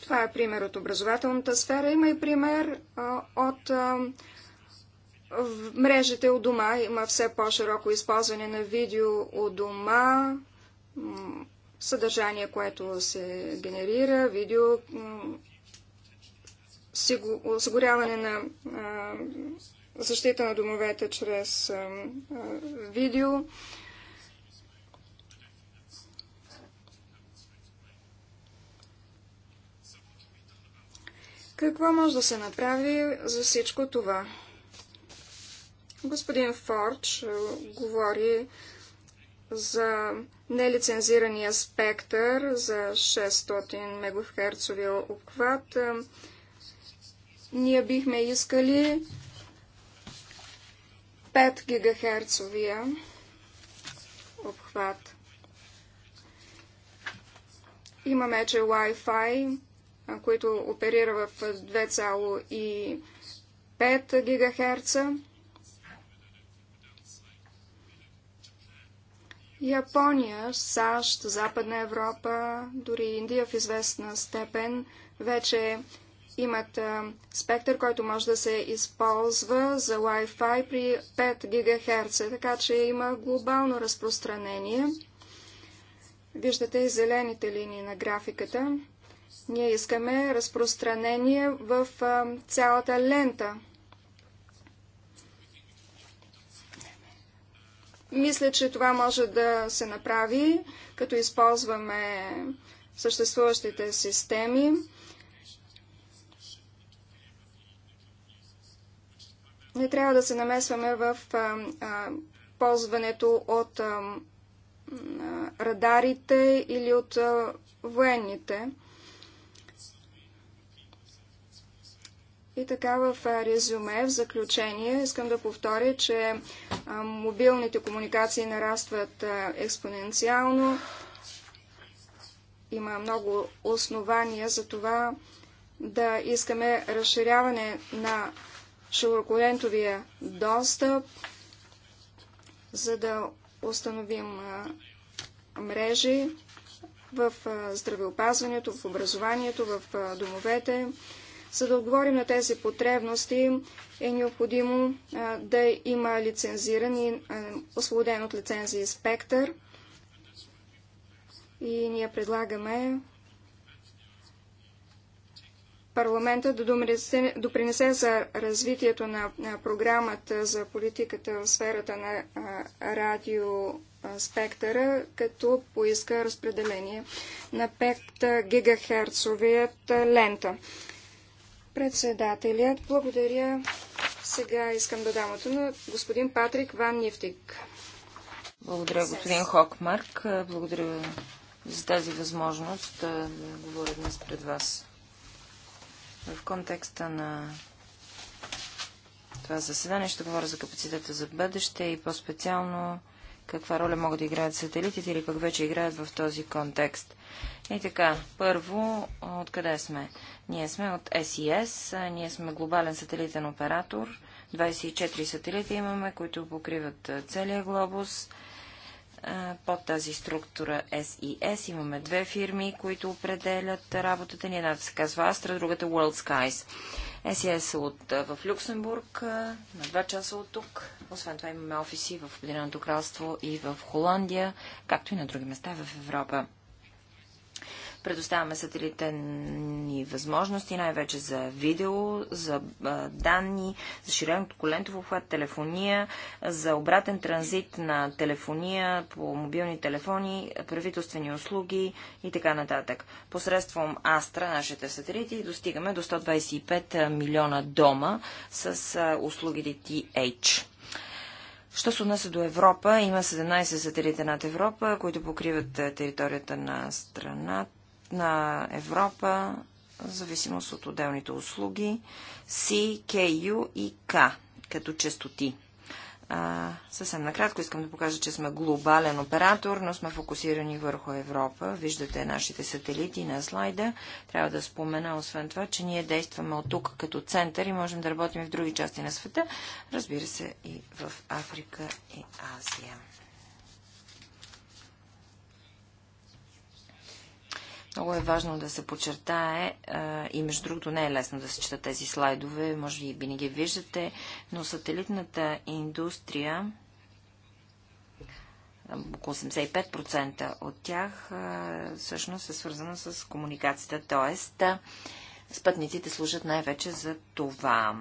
Това е пример от образователната сфера. Има и пример а, от а, в мрежите у дома. Има все по-широко използване на видео у дома, съдържание, което се генерира, видео, осигуряване на а, защита на домовете чрез а, а, видео. Какво може да се направи за всичко това? Господин Фордж е, говори за нелицензирания спектър за 600 МГц обхват. Е, ние бихме искали 5 ГГц обхват. Имаме, че Wi-Fi които оперира в 2,5 ГГц. Япония, САЩ, Западна Европа, дори Индия в известна степен вече имат спектър, който може да се използва за Wi-Fi при 5 ГГц, така че има глобално разпространение. Виждате и зелените линии на графиката. Ние искаме разпространение в цялата лента. Мисля, че това може да се направи, като използваме съществуващите системи. Не трябва да се намесваме в а, а, ползването от а, радарите или от а, военните. И така в резюме, в заключение, искам да повторя, че мобилните комуникации нарастват експоненциално. Има много основания за това да искаме разширяване на широколентовия достъп, за да установим мрежи в здравеопазването, в образованието, в домовете. За да отговорим на тези потребности е необходимо а, да има лицензиран и освободен от лицензии спектър. И ние предлагаме парламента да допринесе за развитието на програмата за политиката в сферата на спектъра, като поиска разпределение на 5 гигахерцовият лента. Председателят, благодаря. Сега искам да дам на господин Патрик Ван Нифтик. Благодаря, господин Хокмарк. Благодаря за тази възможност да говоря днес пред вас. В контекста на това заседание ще говоря за капацитета за бъдеще и по-специално каква роля могат да играят сателитите или пък вече играят в този контекст. И така, първо, откъде сме? Ние сме от SES, e ние сме глобален сателитен оператор, 24 сателита имаме, които покриват целия глобус. Под тази структура SES e имаме две фирми, които определят работата ни. Едната се казва Astra, другата World Skies. SES e от, в Люксембург, на два часа от тук. Освен това имаме офиси в Обединеното кралство и в Холандия, както и на други места в Европа. Предоставяме сателитни възможности, най-вече за видео, за данни, за широкото колентово обхват, телефония, за обратен транзит на телефония по мобилни телефони, правителствени услуги и така нататък. Посредством Астра, нашите сателити, достигаме до 125 милиона дома с услугите TH. Що се отнася до Европа, има 17 сателита над Европа, които покриват е, територията на страна на Европа, в зависимост от отделните услуги, C, KU и K, като частоти. А, съвсем накратко искам да покажа, че сме глобален оператор, но сме фокусирани върху Европа. Виждате нашите сателити на слайда. Трябва да спомена, освен това, че ние действаме от тук като център и можем да работим и в други части на света, разбира се и в Африка и Азия. Много е важно да се подчертае и между другото не е лесно да се чета тези слайдове, може би не ги виждате, но сателитната индустрия около 85% от тях всъщност е свързана с комуникацията, т.е. спътниците служат най-вече за това.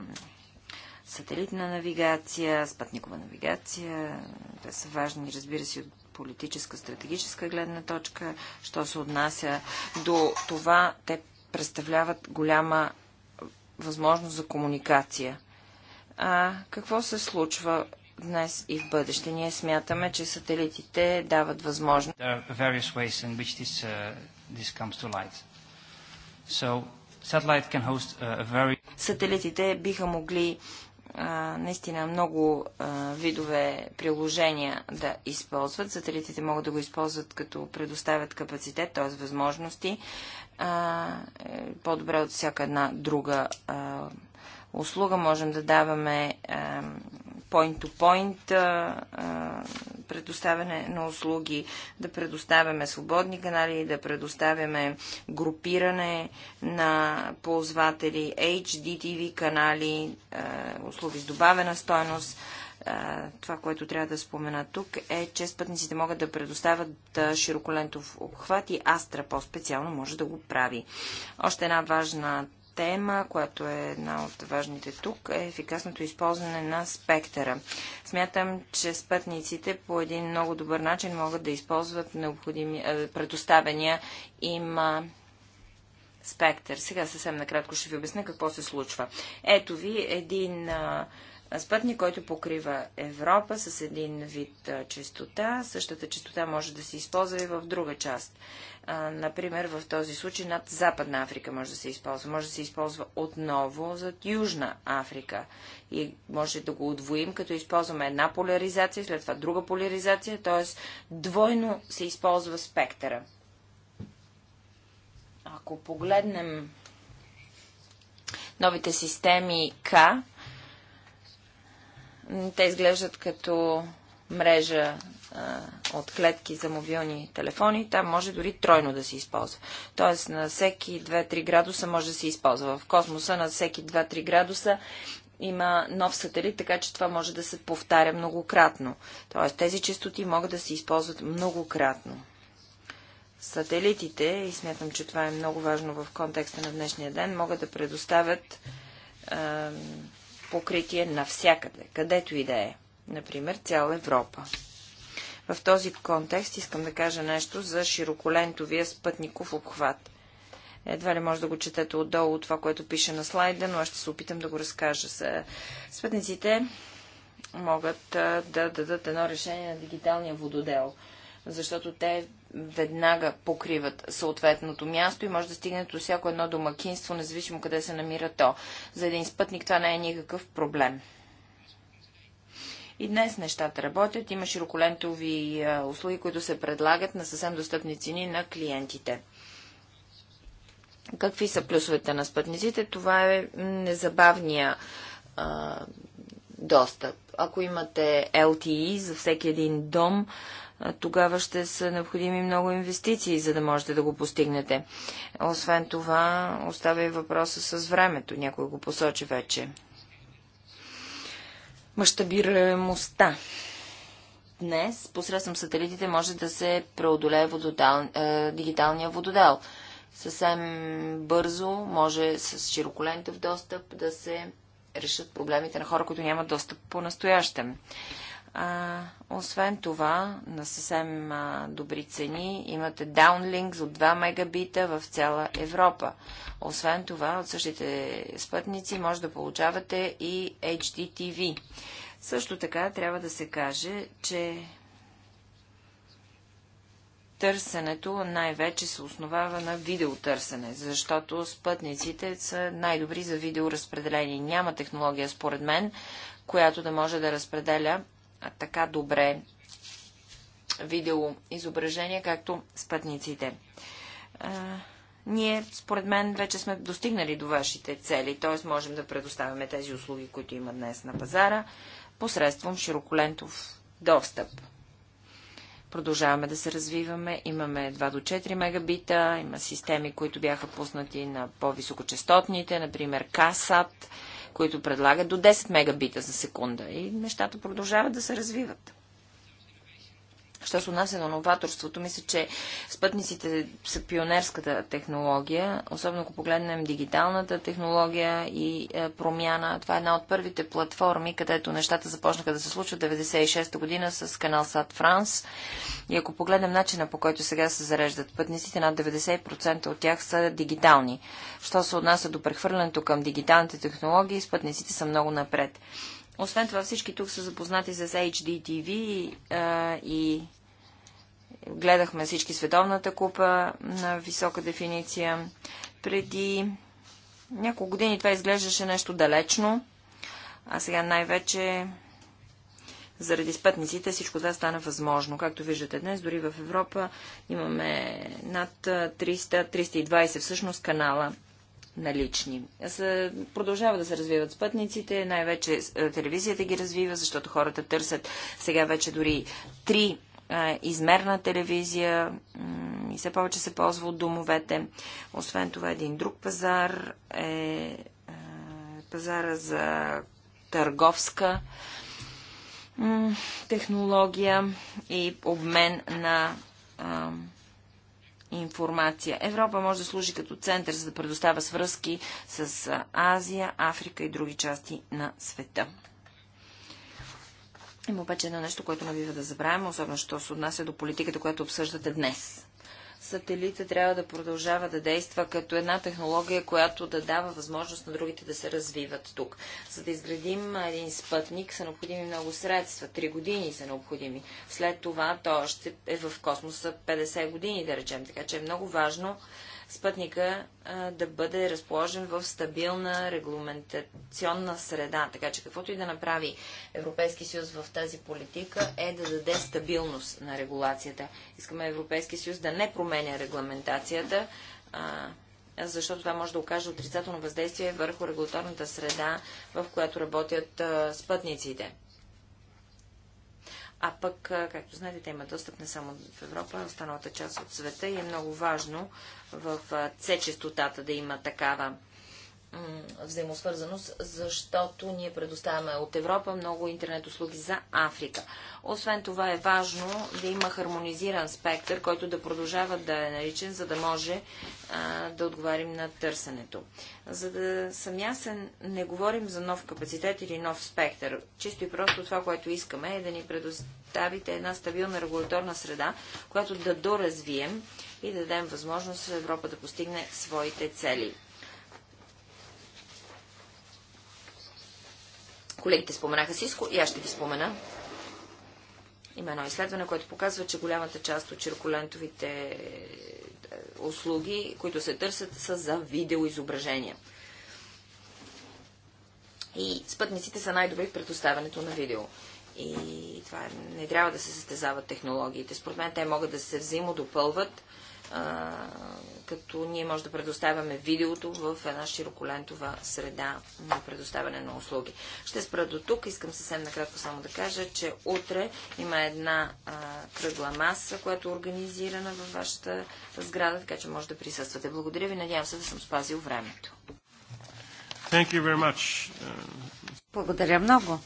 Сателитна навигация, спътникова навигация, те са важни, разбира се, от политическа, стратегическа гледна точка, що се отнася до това, те представляват голяма възможност за комуникация. А какво се случва днес и в бъдеще? Ние смятаме, че сателитите дават възможност. Uh, uh, сателитите биха могли наистина много а, видове приложения да използват. Сателитите могат да го използват като предоставят капацитет, т.е. възможности, а, е, по-добре от всяка една друга а, услуга. Можем да даваме а, point-to-point -point, предоставяне на услуги, да предоставяме свободни канали, да предоставяме групиране на ползватели, HDTV канали, услуги с добавена стойност това, което трябва да спомена тук, е, че спътниците могат да предоставят широколентов обхват и Астра по-специално може да го прави. Още една важна тема, която е една от важните тук, е ефикасното използване на спектъра. Смятам, че спътниците по един много добър начин могат да използват необходими, е, предоставения им спектър. Сега съвсем накратко ще ви обясня какво се случва. Ето ви един спътник, който покрива Европа с един вид частота. Същата частота може да се използва и в друга част например, в този случай над Западна Африка може да се използва. Може да се използва отново за Южна Африка. И може да го отвоим, като използваме една поляризация, след това друга поляризация, т.е. двойно се използва спектъра. Ако погледнем новите системи К, те изглеждат като мрежа от клетки за мобилни телефони, там може дори тройно да се използва. Тоест на всеки 2-3 градуса може да се използва. В космоса на всеки 2-3 градуса има нов сателит, така че това може да се повтаря многократно. Тоест тези частоти могат да се използват многократно. Сателитите, и смятам, че това е много важно в контекста на днешния ден, могат да предоставят е, покритие навсякъде, където и да е. Например, цяла Европа. В този контекст искам да кажа нещо за широколентовия спътников обхват. Едва ли може да го четете отдолу от това, което пише на слайда, но аз ще се опитам да го разкажа. Спътниците могат да дадат едно решение на дигиталния вододел, защото те веднага покриват съответното място и може да стигне до всяко едно домакинство, независимо къде се намира то. За един спътник това не е никакъв проблем. И днес нещата работят. Има широколентови услуги, които се предлагат на съвсем достъпни цени на клиентите. Какви са плюсовете на спътниците? Това е незабавния а, достъп. Ако имате LTE за всеки един дом, тогава ще са необходими много инвестиции, за да можете да го постигнете. Освен това, остава и въпроса с времето. Някой го посочи вече мащабираемостта. Днес посредством сателитите може да се преодолее вододал, е, дигиталния вододел. Съвсем бързо може с широколентов достъп да се решат проблемите на хора, които нямат достъп по настоящем. А, освен това, на съвсем а, добри цени имате даунлинк от 2 мегабита в цяла Европа. Освен това, от същите спътници може да получавате и HDTV. Също така трябва да се каже, че търсенето най-вече се основава на видеотърсене, защото спътниците са най-добри за видеоразпределение. Няма технология, според мен, която да може да разпределя така добре видео изображение, както с пътниците. А, ние, според мен, вече сме достигнали до вашите цели, т.е. можем да предоставяме тези услуги, които има днес на пазара, посредством широколентов достъп. Продължаваме да се развиваме. Имаме 2 до 4 мегабита, има системи, които бяха пуснати на по-високочастотните, например Касат които предлагат до 10 мегабита за секунда. И нещата продължават да се развиват. Що се отнася до новаторството, мисля, че спътниците са пионерската технология, особено ако погледнем дигиталната технология и е, промяна. Това е една от първите платформи, където нещата започнаха да се случват 96-та година с канал Сад Франс. И ако погледнем начина по който сега се зареждат пътниците, над 90% от тях са дигитални. Що се отнася до прехвърлянето към дигиталните технологии, спътниците са много напред. Освен това, всички тук са запознати с HDTV а, е, и Гледахме всички Световната купа на висока дефиниция. Преди няколко години това изглеждаше нещо далечно, а сега най-вече заради спътниците всичко това стана възможно. Както виждате днес, дори в Европа имаме над 300-320 всъщност канала налични. продължава да се развиват спътниците, най-вече е, телевизията ги развива, защото хората търсят сега вече дори три измерна телевизия и все повече се ползва от домовете. Освен това, един друг пазар е пазара за търговска технология и обмен на информация. Европа може да служи като център, за да предоставя свръзки с Азия, Африка и други части на света. Има обаче едно нещо, което не бива да забравим, особено що се отнася до политиката, която обсъждате днес. Сателита трябва да продължава да действа като една технология, която да дава възможност на другите да се развиват тук. За да изградим един спътник са необходими много средства. Три години са необходими. След това то ще е в космоса 50 години, да речем. Така че е много важно спътника да бъде разположен в стабилна регламентационна среда. Така че каквото и да направи Европейски съюз в тази политика е да даде стабилност на регулацията. Искаме Европейски съюз да не променя регламентацията, защото това може да окаже отрицателно въздействие върху регулаторната среда, в която работят спътниците. А пък, както знаете, те имат достъп не само в Европа, а останалата част от света и е много важно в цечестотата да има такава взаимосвързаност, защото ние предоставяме от Европа много интернет услуги за Африка. Освен това е важно да има хармонизиран спектър, който да продължава да е наричен, за да може а, да отговарим на търсенето. За да съм ясен, не говорим за нов капацитет или нов спектър. Чисто и просто това, което искаме е да ни предоставите една стабилна регуляторна среда, която да доразвием и да дадем възможност Европа да постигне своите цели. Колегите споменаха Сиско и аз ще ги спомена. Има едно изследване, което показва, че голямата част от широколентовите е, услуги, които се търсят, са за видеоизображения. И спътниците са най-добри в предоставянето на видео. И това е, не трябва да се състезават технологиите. Според мен те могат да се взаимодопълват, като ние може да предоставяме видеото в една широколентова среда на предоставяне на услуги. Ще спра до тук. Искам съвсем накратко само да кажа, че утре има една а, кръгла маса, която е организирана във вашата сграда, така че може да присъствате. Благодаря ви. Надявам се да съм спазил времето. Thank you very much. Благодаря много.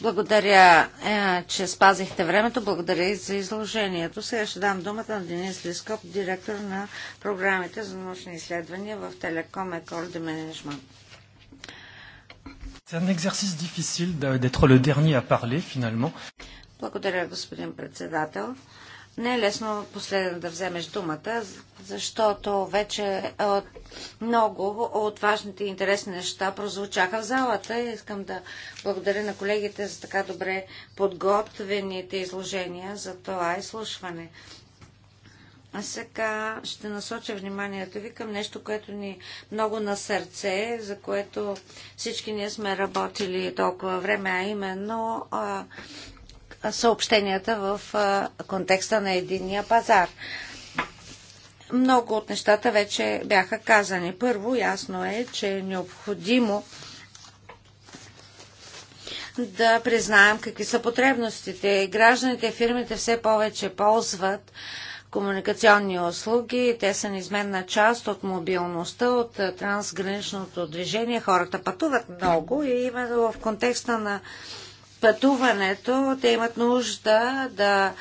Благодаря, е, че спазихте времето. Благодаря и за изложението. Сега ще дам думата на Денис Лископ, директор на програмите за научни изследвания в Телеком Екол де Менеджмент. C'est un exercice difficile d'être le dernier à parler, finalement. Благодаря, господин председател не е лесно последен да вземеш думата, защото вече от много от важните и интересни неща прозвучаха в залата. Искам да благодаря на колегите за така добре подготвените изложения за това изслушване. А сега ще насоча вниманието ви към нещо, което ни много на сърце, за което всички ние сме работили толкова време, а именно а, съобщенията в контекста на единния пазар. Много от нещата вече бяха казани. Първо, ясно е, че е необходимо да признаем какви са потребностите. Гражданите и фирмите все повече ползват комуникационни услуги. Те са неизменна част от мобилността, от трансграничното движение. Хората пътуват много и именно в контекста на пътуването, те имат нужда да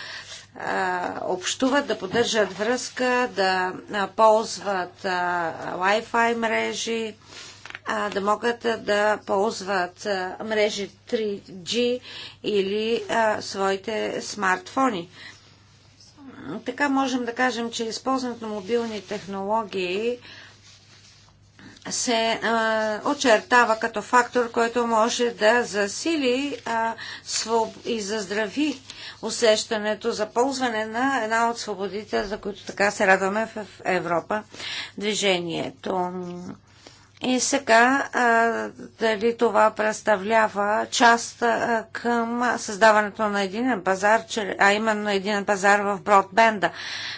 общуват, да поддържат връзка, да ползват Wi-Fi мрежи, да могат да ползват мрежи 3G или своите смартфони. Така можем да кажем, че използването на мобилни технологии се а, очертава като фактор, който може да засили а, своб... и заздрави усещането за ползване на една от свободите, за които така се радваме в Европа, движението. И сега дали това представлява част към създаването на един пазар, а именно един пазар в бродбенда,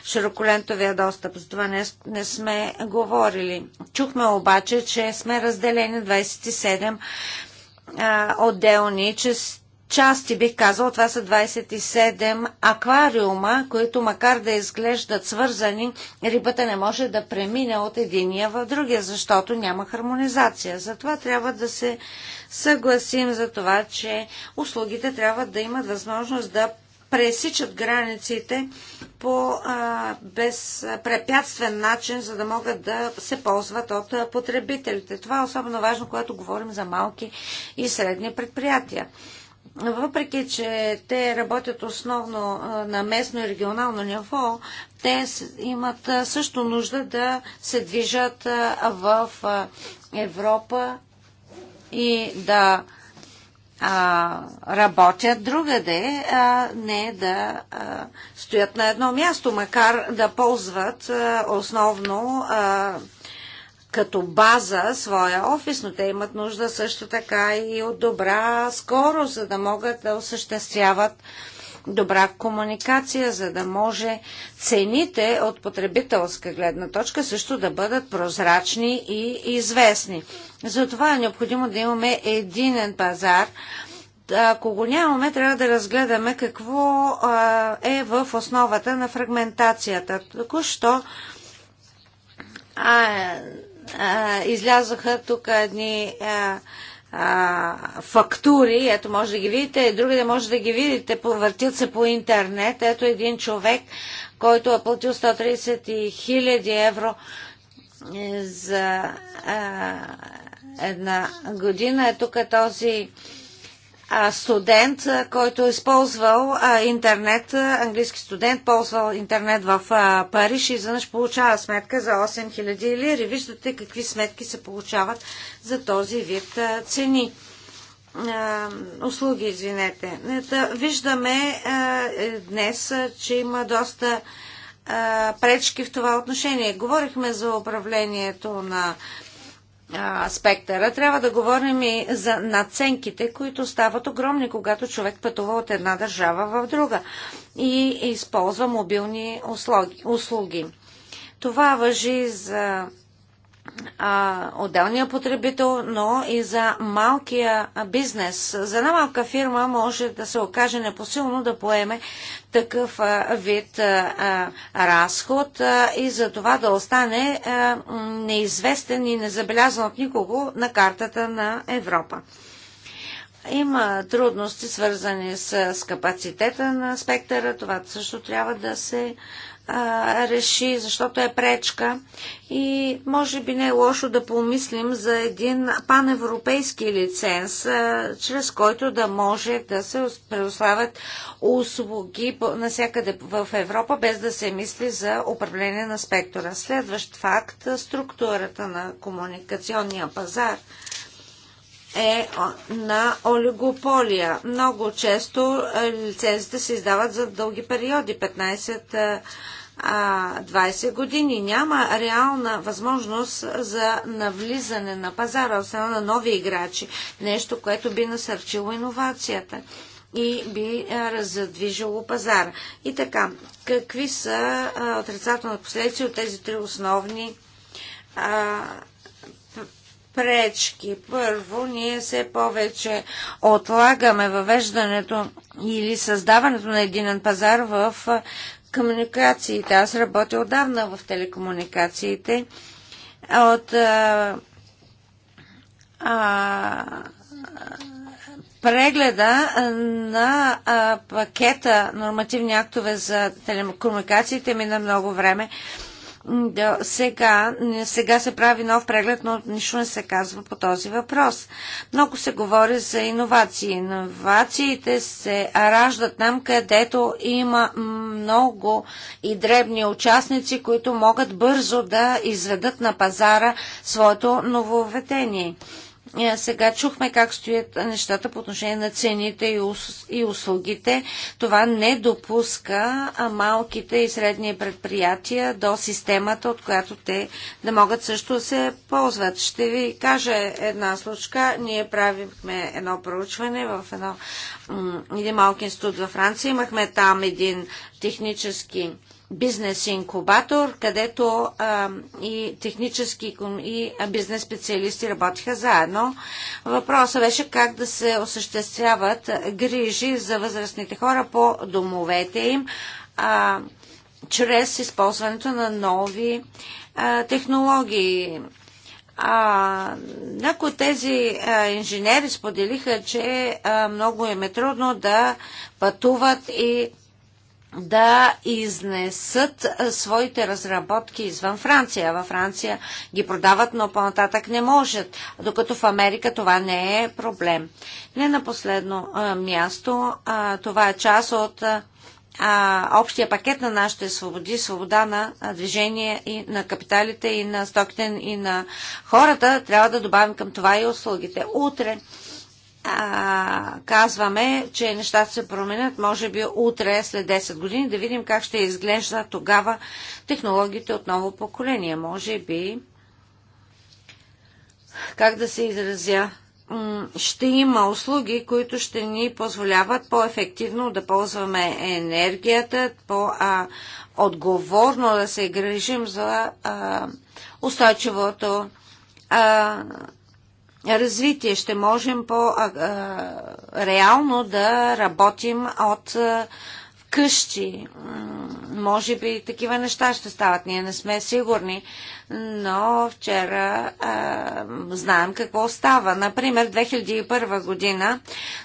широколентовия достъп. За това не, не сме говорили. Чухме обаче, че сме разделени 27 а, отделни части части, бих казал, това са 27 аквариума, които макар да изглеждат свързани, рибата не може да премине от единия в другия, защото няма хармонизация. Затова трябва да се съгласим за това, че услугите трябва да имат възможност да пресичат границите по а, безпрепятствен начин, за да могат да се ползват от потребителите. Това е особено важно, когато говорим за малки и средни предприятия въпреки че те работят основно на местно и регионално ниво, те имат също нужда да се движат в Европа и да работят другаде, а не да стоят на едно място, макар да ползват основно като база своя офис, но те имат нужда също така и от добра скорост, за да могат да осъществяват добра комуникация, за да може цените от потребителска гледна точка също да бъдат прозрачни и известни. Затова е необходимо да имаме единен пазар. Ако го нямаме, трябва да разгледаме какво е в основата на фрагментацията. Току-що излязоха тук едни а, а, фактури, ето може да ги видите, други да може да ги видите, повъртят се по интернет. Ето един човек, който е платил 130 хиляди евро е, за а, една година. Е тук е този студент, който е използвал интернет, английски студент, ползвал интернет в Париж и изведнъж получава сметка за 8000 лири. Виждате какви сметки се получават за този вид цени. Услуги, извинете. Виждаме е, днес, че има доста пречки в това отношение. Говорихме за управлението на спектъра, трябва да говорим и за наценките, които стават огромни, когато човек пътува от една държава в друга и използва мобилни услуги. услуги. Това въжи за а, отделния потребител, но и за малкия бизнес. За една малка фирма може да се окаже непосилно да поеме такъв а, вид а, разход и за това да остане неизвестен и незабелязан от никого на картата на Европа. Има трудности, свързани с, с капацитета на спектъра. Това също трябва да се а, а, реши, защото е пречка. И може би не е лошо да помислим за един паневропейски лиценз, а, чрез който да може да се предоставят услуги насякъде в Европа, без да се мисли за управление на спектъра. Следващ факт структурата на комуникационния пазар е на олигополия. Много често лицензите се издават за дълги периоди, 15 20 години. Няма реална възможност за навлизане на пазара освен на нови играчи. Нещо, което би насърчило иновацията и би раздвижило пазара. И така, какви са отрицателни последици от тези три основни а, пречки? Първо, ние все повече отлагаме въвеждането или създаването на единен пазар в комуникациите. Аз работя отдавна в телекомуникациите. От а, а, прегледа на а, пакета нормативни актове за телекомуникациите мина много време сега, сега се прави нов преглед, но нищо не се казва по този въпрос. Много се говори за иновации. Иновациите се раждат там, където има много и дребни участници, които могат бързо да изведат на пазара своето нововведение. Е, сега чухме как стоят нещата по отношение на цените и услугите. Това не допуска малките и средни предприятия до системата, от която те да могат също да се ползват. Ще ви кажа една случка. Ние правихме едно проучване в едно, един малки институт във Франция. Имахме там един технически бизнес инкубатор, където а, и технически и бизнес специалисти работиха заедно. Въпросът беше как да се осъществяват грижи за възрастните хора по домовете им, а, чрез използването на нови а, технологии. А, някои от тези а, инженери споделиха, че а, много им е трудно да пътуват и да изнесат своите разработки извън Франция. Във Франция ги продават, но по-нататък не можат, докато в Америка това не е проблем. Не на последно място, това е част от общия пакет на нашите свободи, свобода на движение и на капиталите и на стоките и на хората, трябва да добавим към това и услугите. Утре а, казваме, че нещата се променят, може би утре, след 10 години, да видим как ще изглежда тогава технологиите от ново поколение. Може би, как да се изразя, ще има услуги, които ще ни позволяват по-ефективно да ползваме енергията, по-отговорно да се грижим за а, устойчивото а, развитие. Ще можем по-реално да работим от къщи. Може би такива неща ще стават. Ние не сме сигурни но вчера а, знаем какво става. Например, 2001 година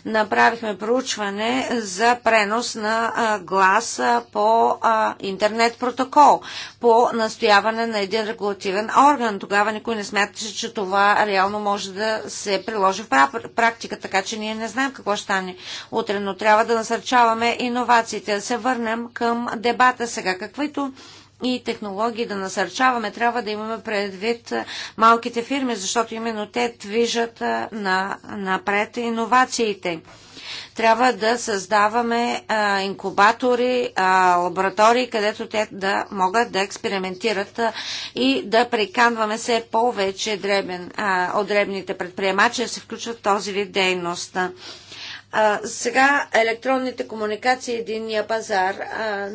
направихме проучване за пренос на а, глас а, по а, интернет протокол, по настояване на един регулативен орган. Тогава никой не смяташе, че това реално може да се приложи в практика, така че ние не знаем какво ще стане утре, но трябва да насърчаваме иновациите. Да се върнем към дебата сега. Каквито и технологии да насърчаваме, трябва да имаме предвид малките фирми, защото именно те движат на, напред иновациите. Трябва да създаваме а, инкубатори, а, лаборатории, където те да могат да експериментират а, и да приканваме все повече дребен, а, от дребните предприемачи да се включват в този вид дейност. А, сега електронните комуникации, единния пазар. А,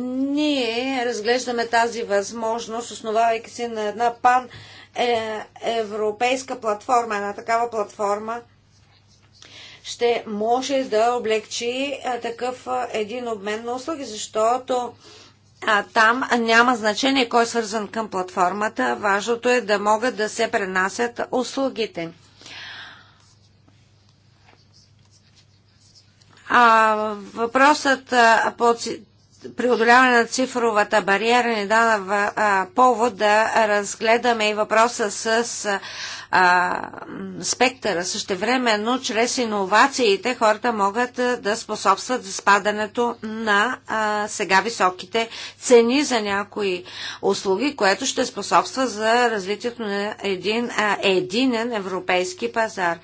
ние разглеждаме тази възможност, основавайки се на една пан е, европейска платформа, една такава платформа, ще може да облегчи е, такъв е, един обмен на услуги, защото а, там няма значение кой е свързан към платформата. Важното е да могат да се пренасят услугите. А, въпросът по преодоляване на цифровата бариера ни дава повод да разгледаме и въпроса с а, спектъра. Същевременно, чрез иновациите, хората могат да способстват за спадането на а, сега високите цени за някои услуги, което ще способства за развитието на един а, единен европейски пазар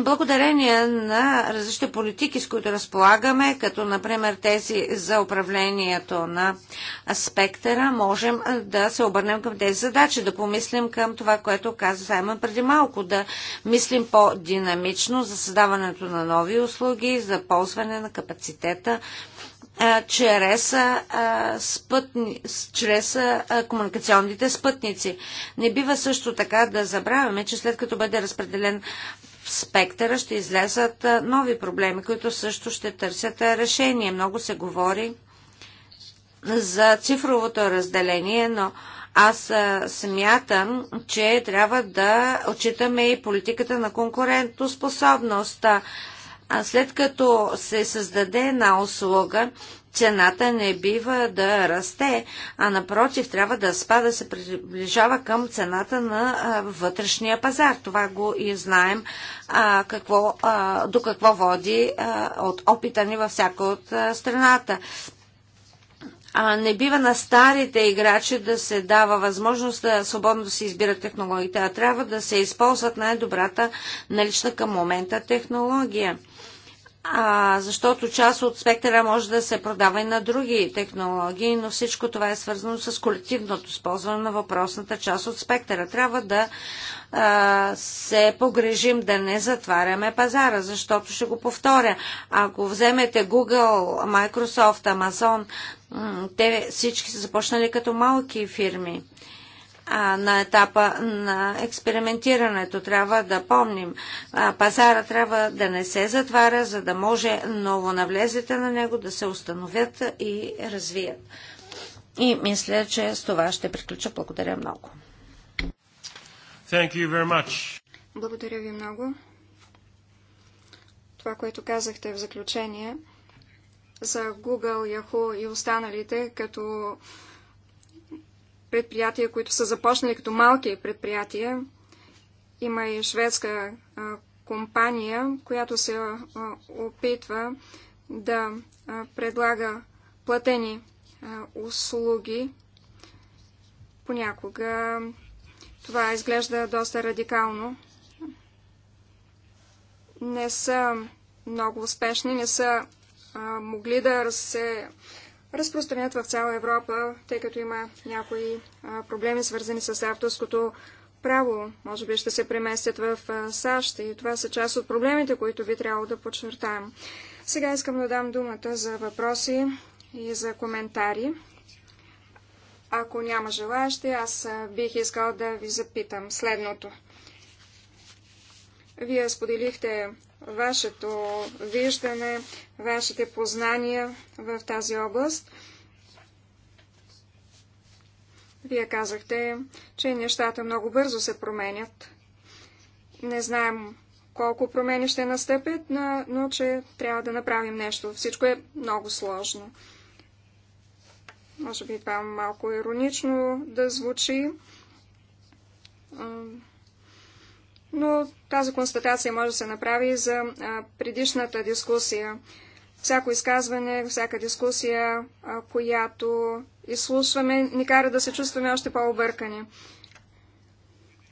благодарение на различни политики, с които разполагаме, като например тези за управлението на спектъра, можем да се обърнем към тези задачи, да помислим към това, което каза Саймон преди малко, да мислим по-динамично за създаването на нови услуги, за ползване на капацитета чрез, спътни, чрез комуникационните спътници. Не бива също така да забравяме, че след като бъде разпределен спектъра ще излезат нови проблеми, които също ще търсят решение. Много се говори за цифровото разделение, но аз смятам, че трябва да отчитаме и политиката на конкурентоспособността. След като се създаде една услуга, цената не бива да расте, а напротив трябва да спада, да се приближава към цената на а, вътрешния пазар. Това го и знаем а, какво, а, до какво води а, от опита ни във всяка от а, страната. А не бива на старите играчи да се дава възможност да свободно да се избират технологиите, а трябва да се използват най-добрата налична към момента технология а, защото част от спектъра може да се продава и на други технологии, но всичко това е свързано с колективното използване на въпросната част от спектъра. Трябва да а, се погрежим да не затваряме пазара, защото ще го повторя. Ако вземете Google, Microsoft, Amazon, те всички са започнали като малки фирми а, на етапа на експериментирането. Трябва да помним, а, пазара трябва да не се затваря, за да може ново навлезете на него да се установят и развият. И мисля, че с това ще приключа. Благодаря много. Thank you very much. Благодаря ви много. Това, което казахте в заключение за Google, Yahoo и останалите като предприятия, които са започнали като малки предприятия. Има и шведска компания, която се опитва да предлага платени услуги. Понякога това изглежда доста радикално. Не са много успешни, не са могли да се разпространят в цяла Европа, тъй като има някои проблеми, свързани с авторското право. Може би ще се преместят в САЩ и това са част от проблемите, които ви трябва да подчертаем. Сега искам да дам думата за въпроси и за коментари. Ако няма желаящи, аз бих искал да ви запитам следното. Вие споделихте вашето виждане, вашите познания в тази област. Вие казахте, че нещата много бързо се променят. Не знаем колко промени ще настъпят, но че трябва да направим нещо. Всичко е много сложно. Може би това малко иронично да звучи но тази констатация може да се направи за предишната дискусия. Всяко изказване, всяка дискусия, която изслушваме, ни кара да се чувстваме още по-объркани.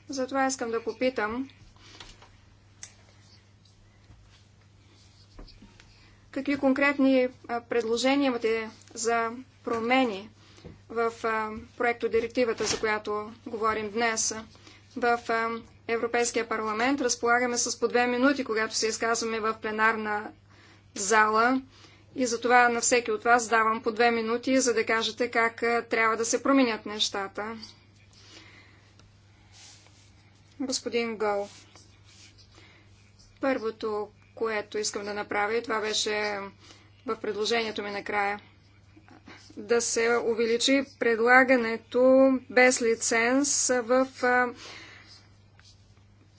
Затова искам да попитам, какви конкретни предложения имате за промени в проекто директивата, за която говорим днес в Европейския парламент разполагаме с по две минути, когато се изказваме в пленарна зала. И затова на всеки от вас давам по две минути, за да кажете как трябва да се променят нещата. Господин Гол, първото, което искам да направя, и това беше в предложението ми накрая, да се увеличи предлагането без лиценз в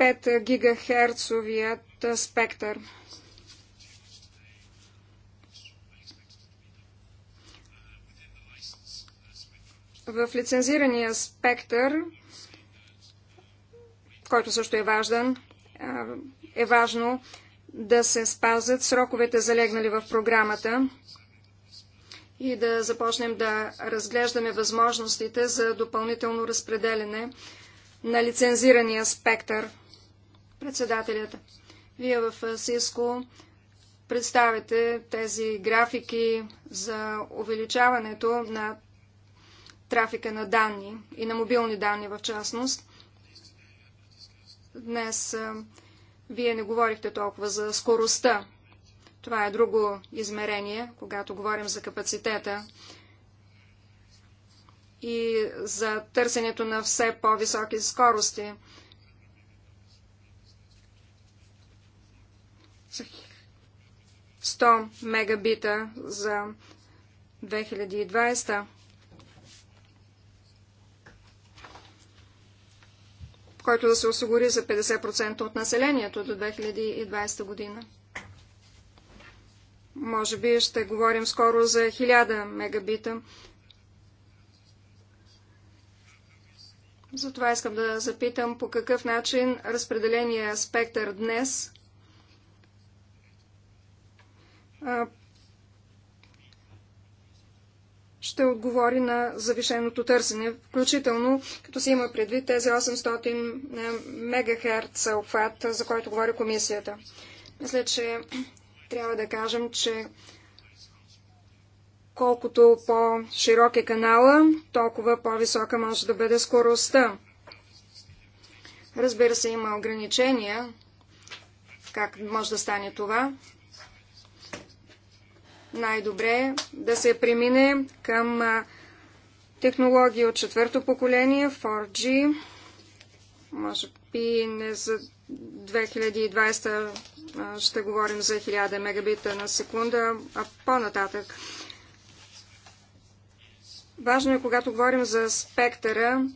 5 гигахерцовият спектър. В лицензирания спектър, който също е важен, е важно да се спазят сроковете залегнали в програмата и да започнем да разглеждаме възможностите за допълнително разпределене на лицензирания спектър. Председателят, вие в СИСКО представяте тези графики за увеличаването на трафика на данни и на мобилни данни в частност. Днес вие не говорихте толкова за скоростта. Това е друго измерение, когато говорим за капацитета и за търсенето на все по-високи скорости. 100 мегабита за 2020, който да се осигури за 50% от населението до 2020 година. Може би ще говорим скоро за 1000 мегабита. Затова искам да запитам по какъв начин разпределения спектър днес – ще отговори на завишеното търсене, включително като се има предвид тези 800 е, МГц обхват, за който говори комисията. Мисля, че трябва да кажем, че колкото по-широк е канала, толкова по-висока може да бъде скоростта. Разбира се, има ограничения как може да стане това най-добре да се премине към технологии от четвърто поколение, 4G, може би не за 2020 ще говорим за 1000 мегабита на секунда, а по-нататък. Важно е, когато говорим за спектъра,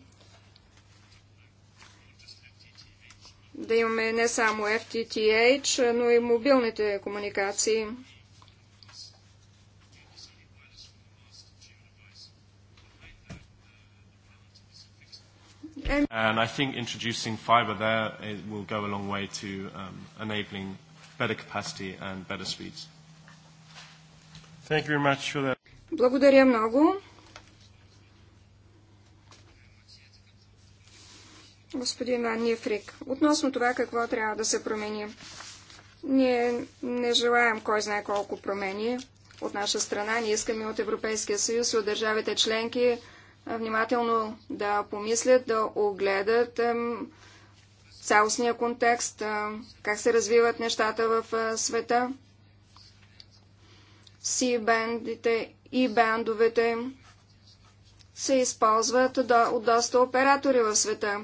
да имаме не само FTTH, но и мобилните комуникации. And I think introducing fiber there it will go a long way to um, enabling better capacity and better speeds. Thank you very much for that. Благодаря много. Господин Ван Нифрик, относно това какво трябва да се промени. Ние не желаем кой знае колко промени от наша страна. Ние искаме от Европейския съюз и от държавите членки внимателно да помислят, да огледат цялостния контекст, как се развиват нещата в е, света, C-бендите и бендовете се използват от доста оператори в света.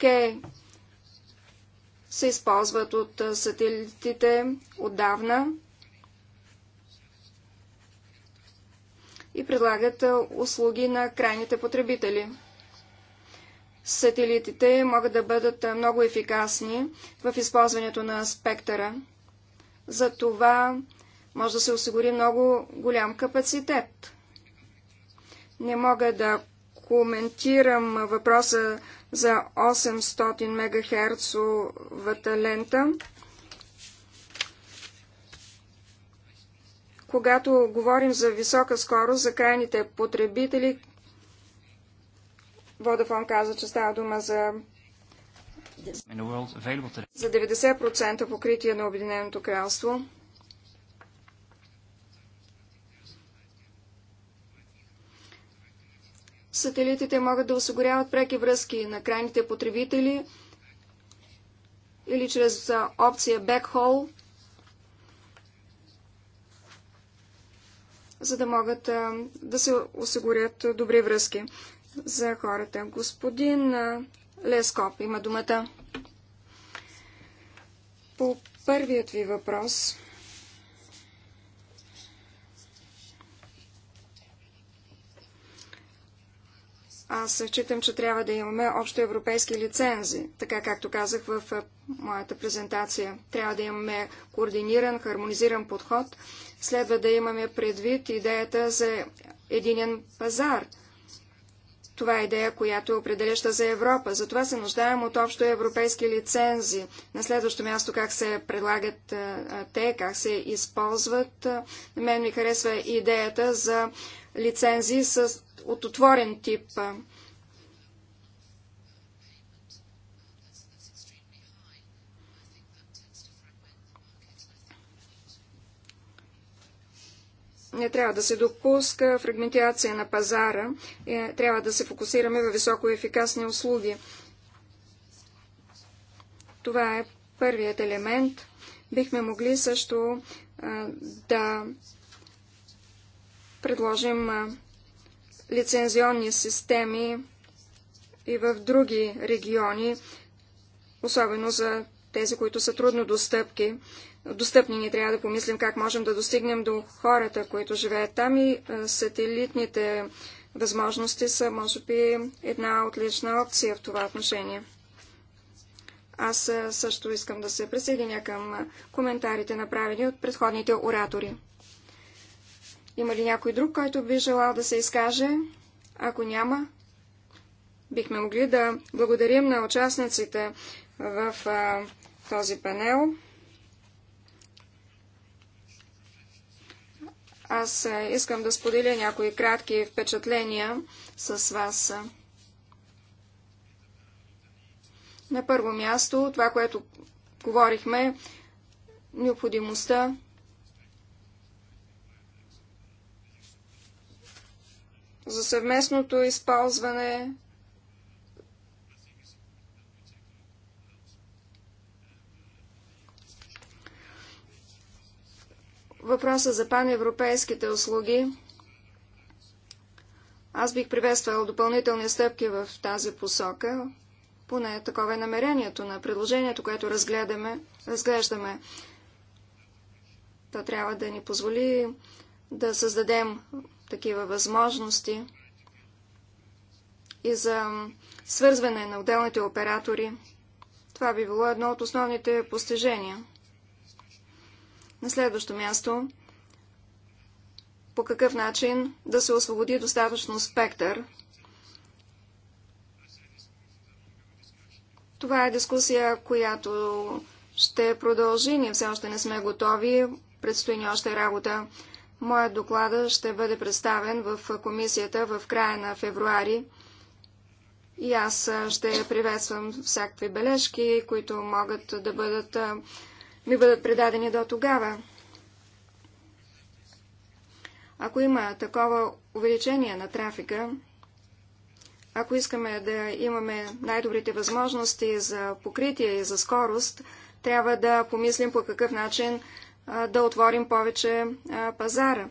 Кей се използват от е, сателитите отдавна. и предлагат услуги на крайните потребители. Сателитите могат да бъдат много ефикасни в използването на спектъра. За това може да се осигури много голям капацитет. Не мога да коментирам въпроса за 800 МГц лента. когато говорим за висока скорост за крайните потребители, Водафон каза, че става дума за за 90% покритие на Обединеното кралство. Сателитите могат да осигуряват преки връзки на крайните потребители или чрез опция Backhaul – за да могат да се осигурят добри връзки за хората. Господин Лескоп има думата. По първият ви въпрос Аз считам, че трябва да имаме общо европейски лицензи, така както казах в моята презентация. Трябва да имаме координиран, хармонизиран подход. Следва да имаме предвид идеята за единен пазар – това е идея, която е определяща за Европа. Затова се нуждаем от общо европейски лицензи. На следващо място как се предлагат а, те, как се използват. На мен ми харесва идеята за лицензи с, от отворен тип. не трябва да се допуска фрагментация на пазара, е, трябва да се фокусираме във високо ефикасни услуги. Това е първият елемент. Бихме могли също да предложим лицензионни системи и в други региони, особено за тези, които са труднодостъпки. достъпки достъпни. Ние трябва да помислим как можем да достигнем до хората, които живеят там и сателитните възможности са, може би, една отлична опция в това отношение. Аз също искам да се присъединя към коментарите, направени от предходните оратори. Има ли някой друг, който би желал да се изкаже? Ако няма, бихме могли да благодарим на участниците в а, този панел. Аз е, искам да споделя някои кратки впечатления с вас. На първо място, това, което говорихме, необходимостта за съвместното използване въпроса за паневропейските услуги, аз бих приветствал допълнителни стъпки в тази посока, поне такова е намерението на предложението, което разгледаме, разглеждаме. Та трябва да ни позволи да създадем такива възможности и за свързване на отделните оператори. Това би било едно от основните постижения. На следващо място, по какъв начин да се освободи достатъчно спектър. Това е дискусия, която ще продължи. Ние все още не сме готови. Предстои ни още работа. Моят доклад ще бъде представен в комисията в края на февруари. И аз ще приветствам всякакви бележки, които могат да бъдат ми бъдат предадени до тогава. Ако има такова увеличение на трафика, ако искаме да имаме най-добрите възможности за покритие и за скорост, трябва да помислим по какъв начин да отворим повече пазара.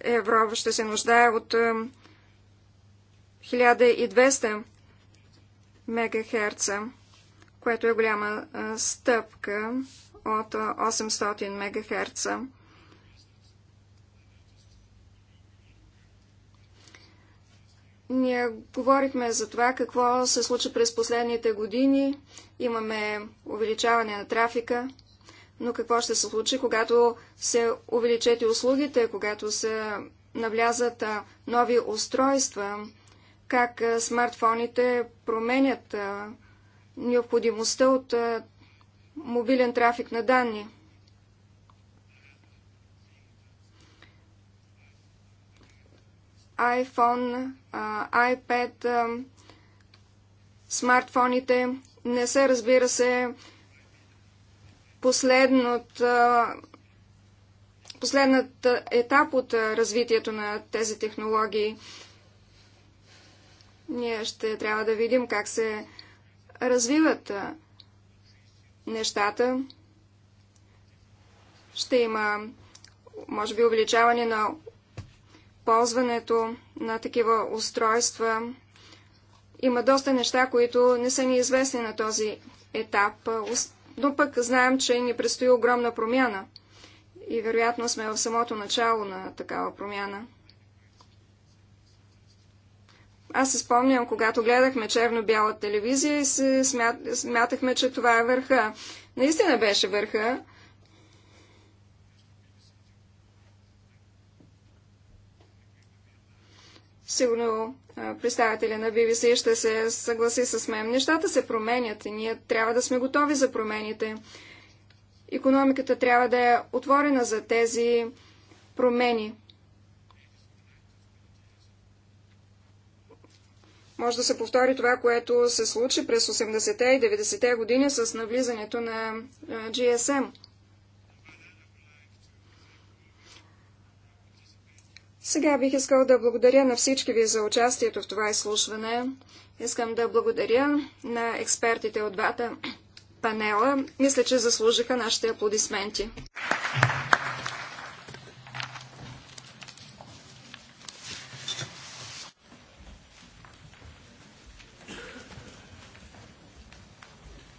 Европа ще се нуждае от 1200 мегахерца което е голяма стъпка от 800 МГц. Ние говорихме за това какво се случи през последните години. Имаме увеличаване на трафика, но какво ще се случи, когато се увеличат и услугите, когато се навлязат нови устройства, как смартфоните променят необходимостта от мобилен трафик на данни. iPhone, iPad, смартфоните не са, разбира се, последната, последната етап от развитието на тези технологии. Ние ще трябва да видим как се развиват нещата. Ще има, може би, увеличаване на ползването на такива устройства. Има доста неща, които не са ни известни на този етап, но пък знаем, че ни предстои огромна промяна и вероятно сме в самото начало на такава промяна. Аз се спомням, когато гледахме черно-бяла телевизия и се смят, смятахме, че това е върха. Наистина беше върха. Сигурно представителя на BBC ще се съгласи с мен. Нещата се променят и ние трябва да сме готови за промените. Економиката трябва да е отворена за тези промени. Може да се повтори това, което се случи през 80-те и 90-те години с навлизането на GSM. Сега бих искал да благодаря на всички ви за участието в това изслушване. Искам да благодаря на експертите от двата панела. Мисля, че заслужиха нашите аплодисменти.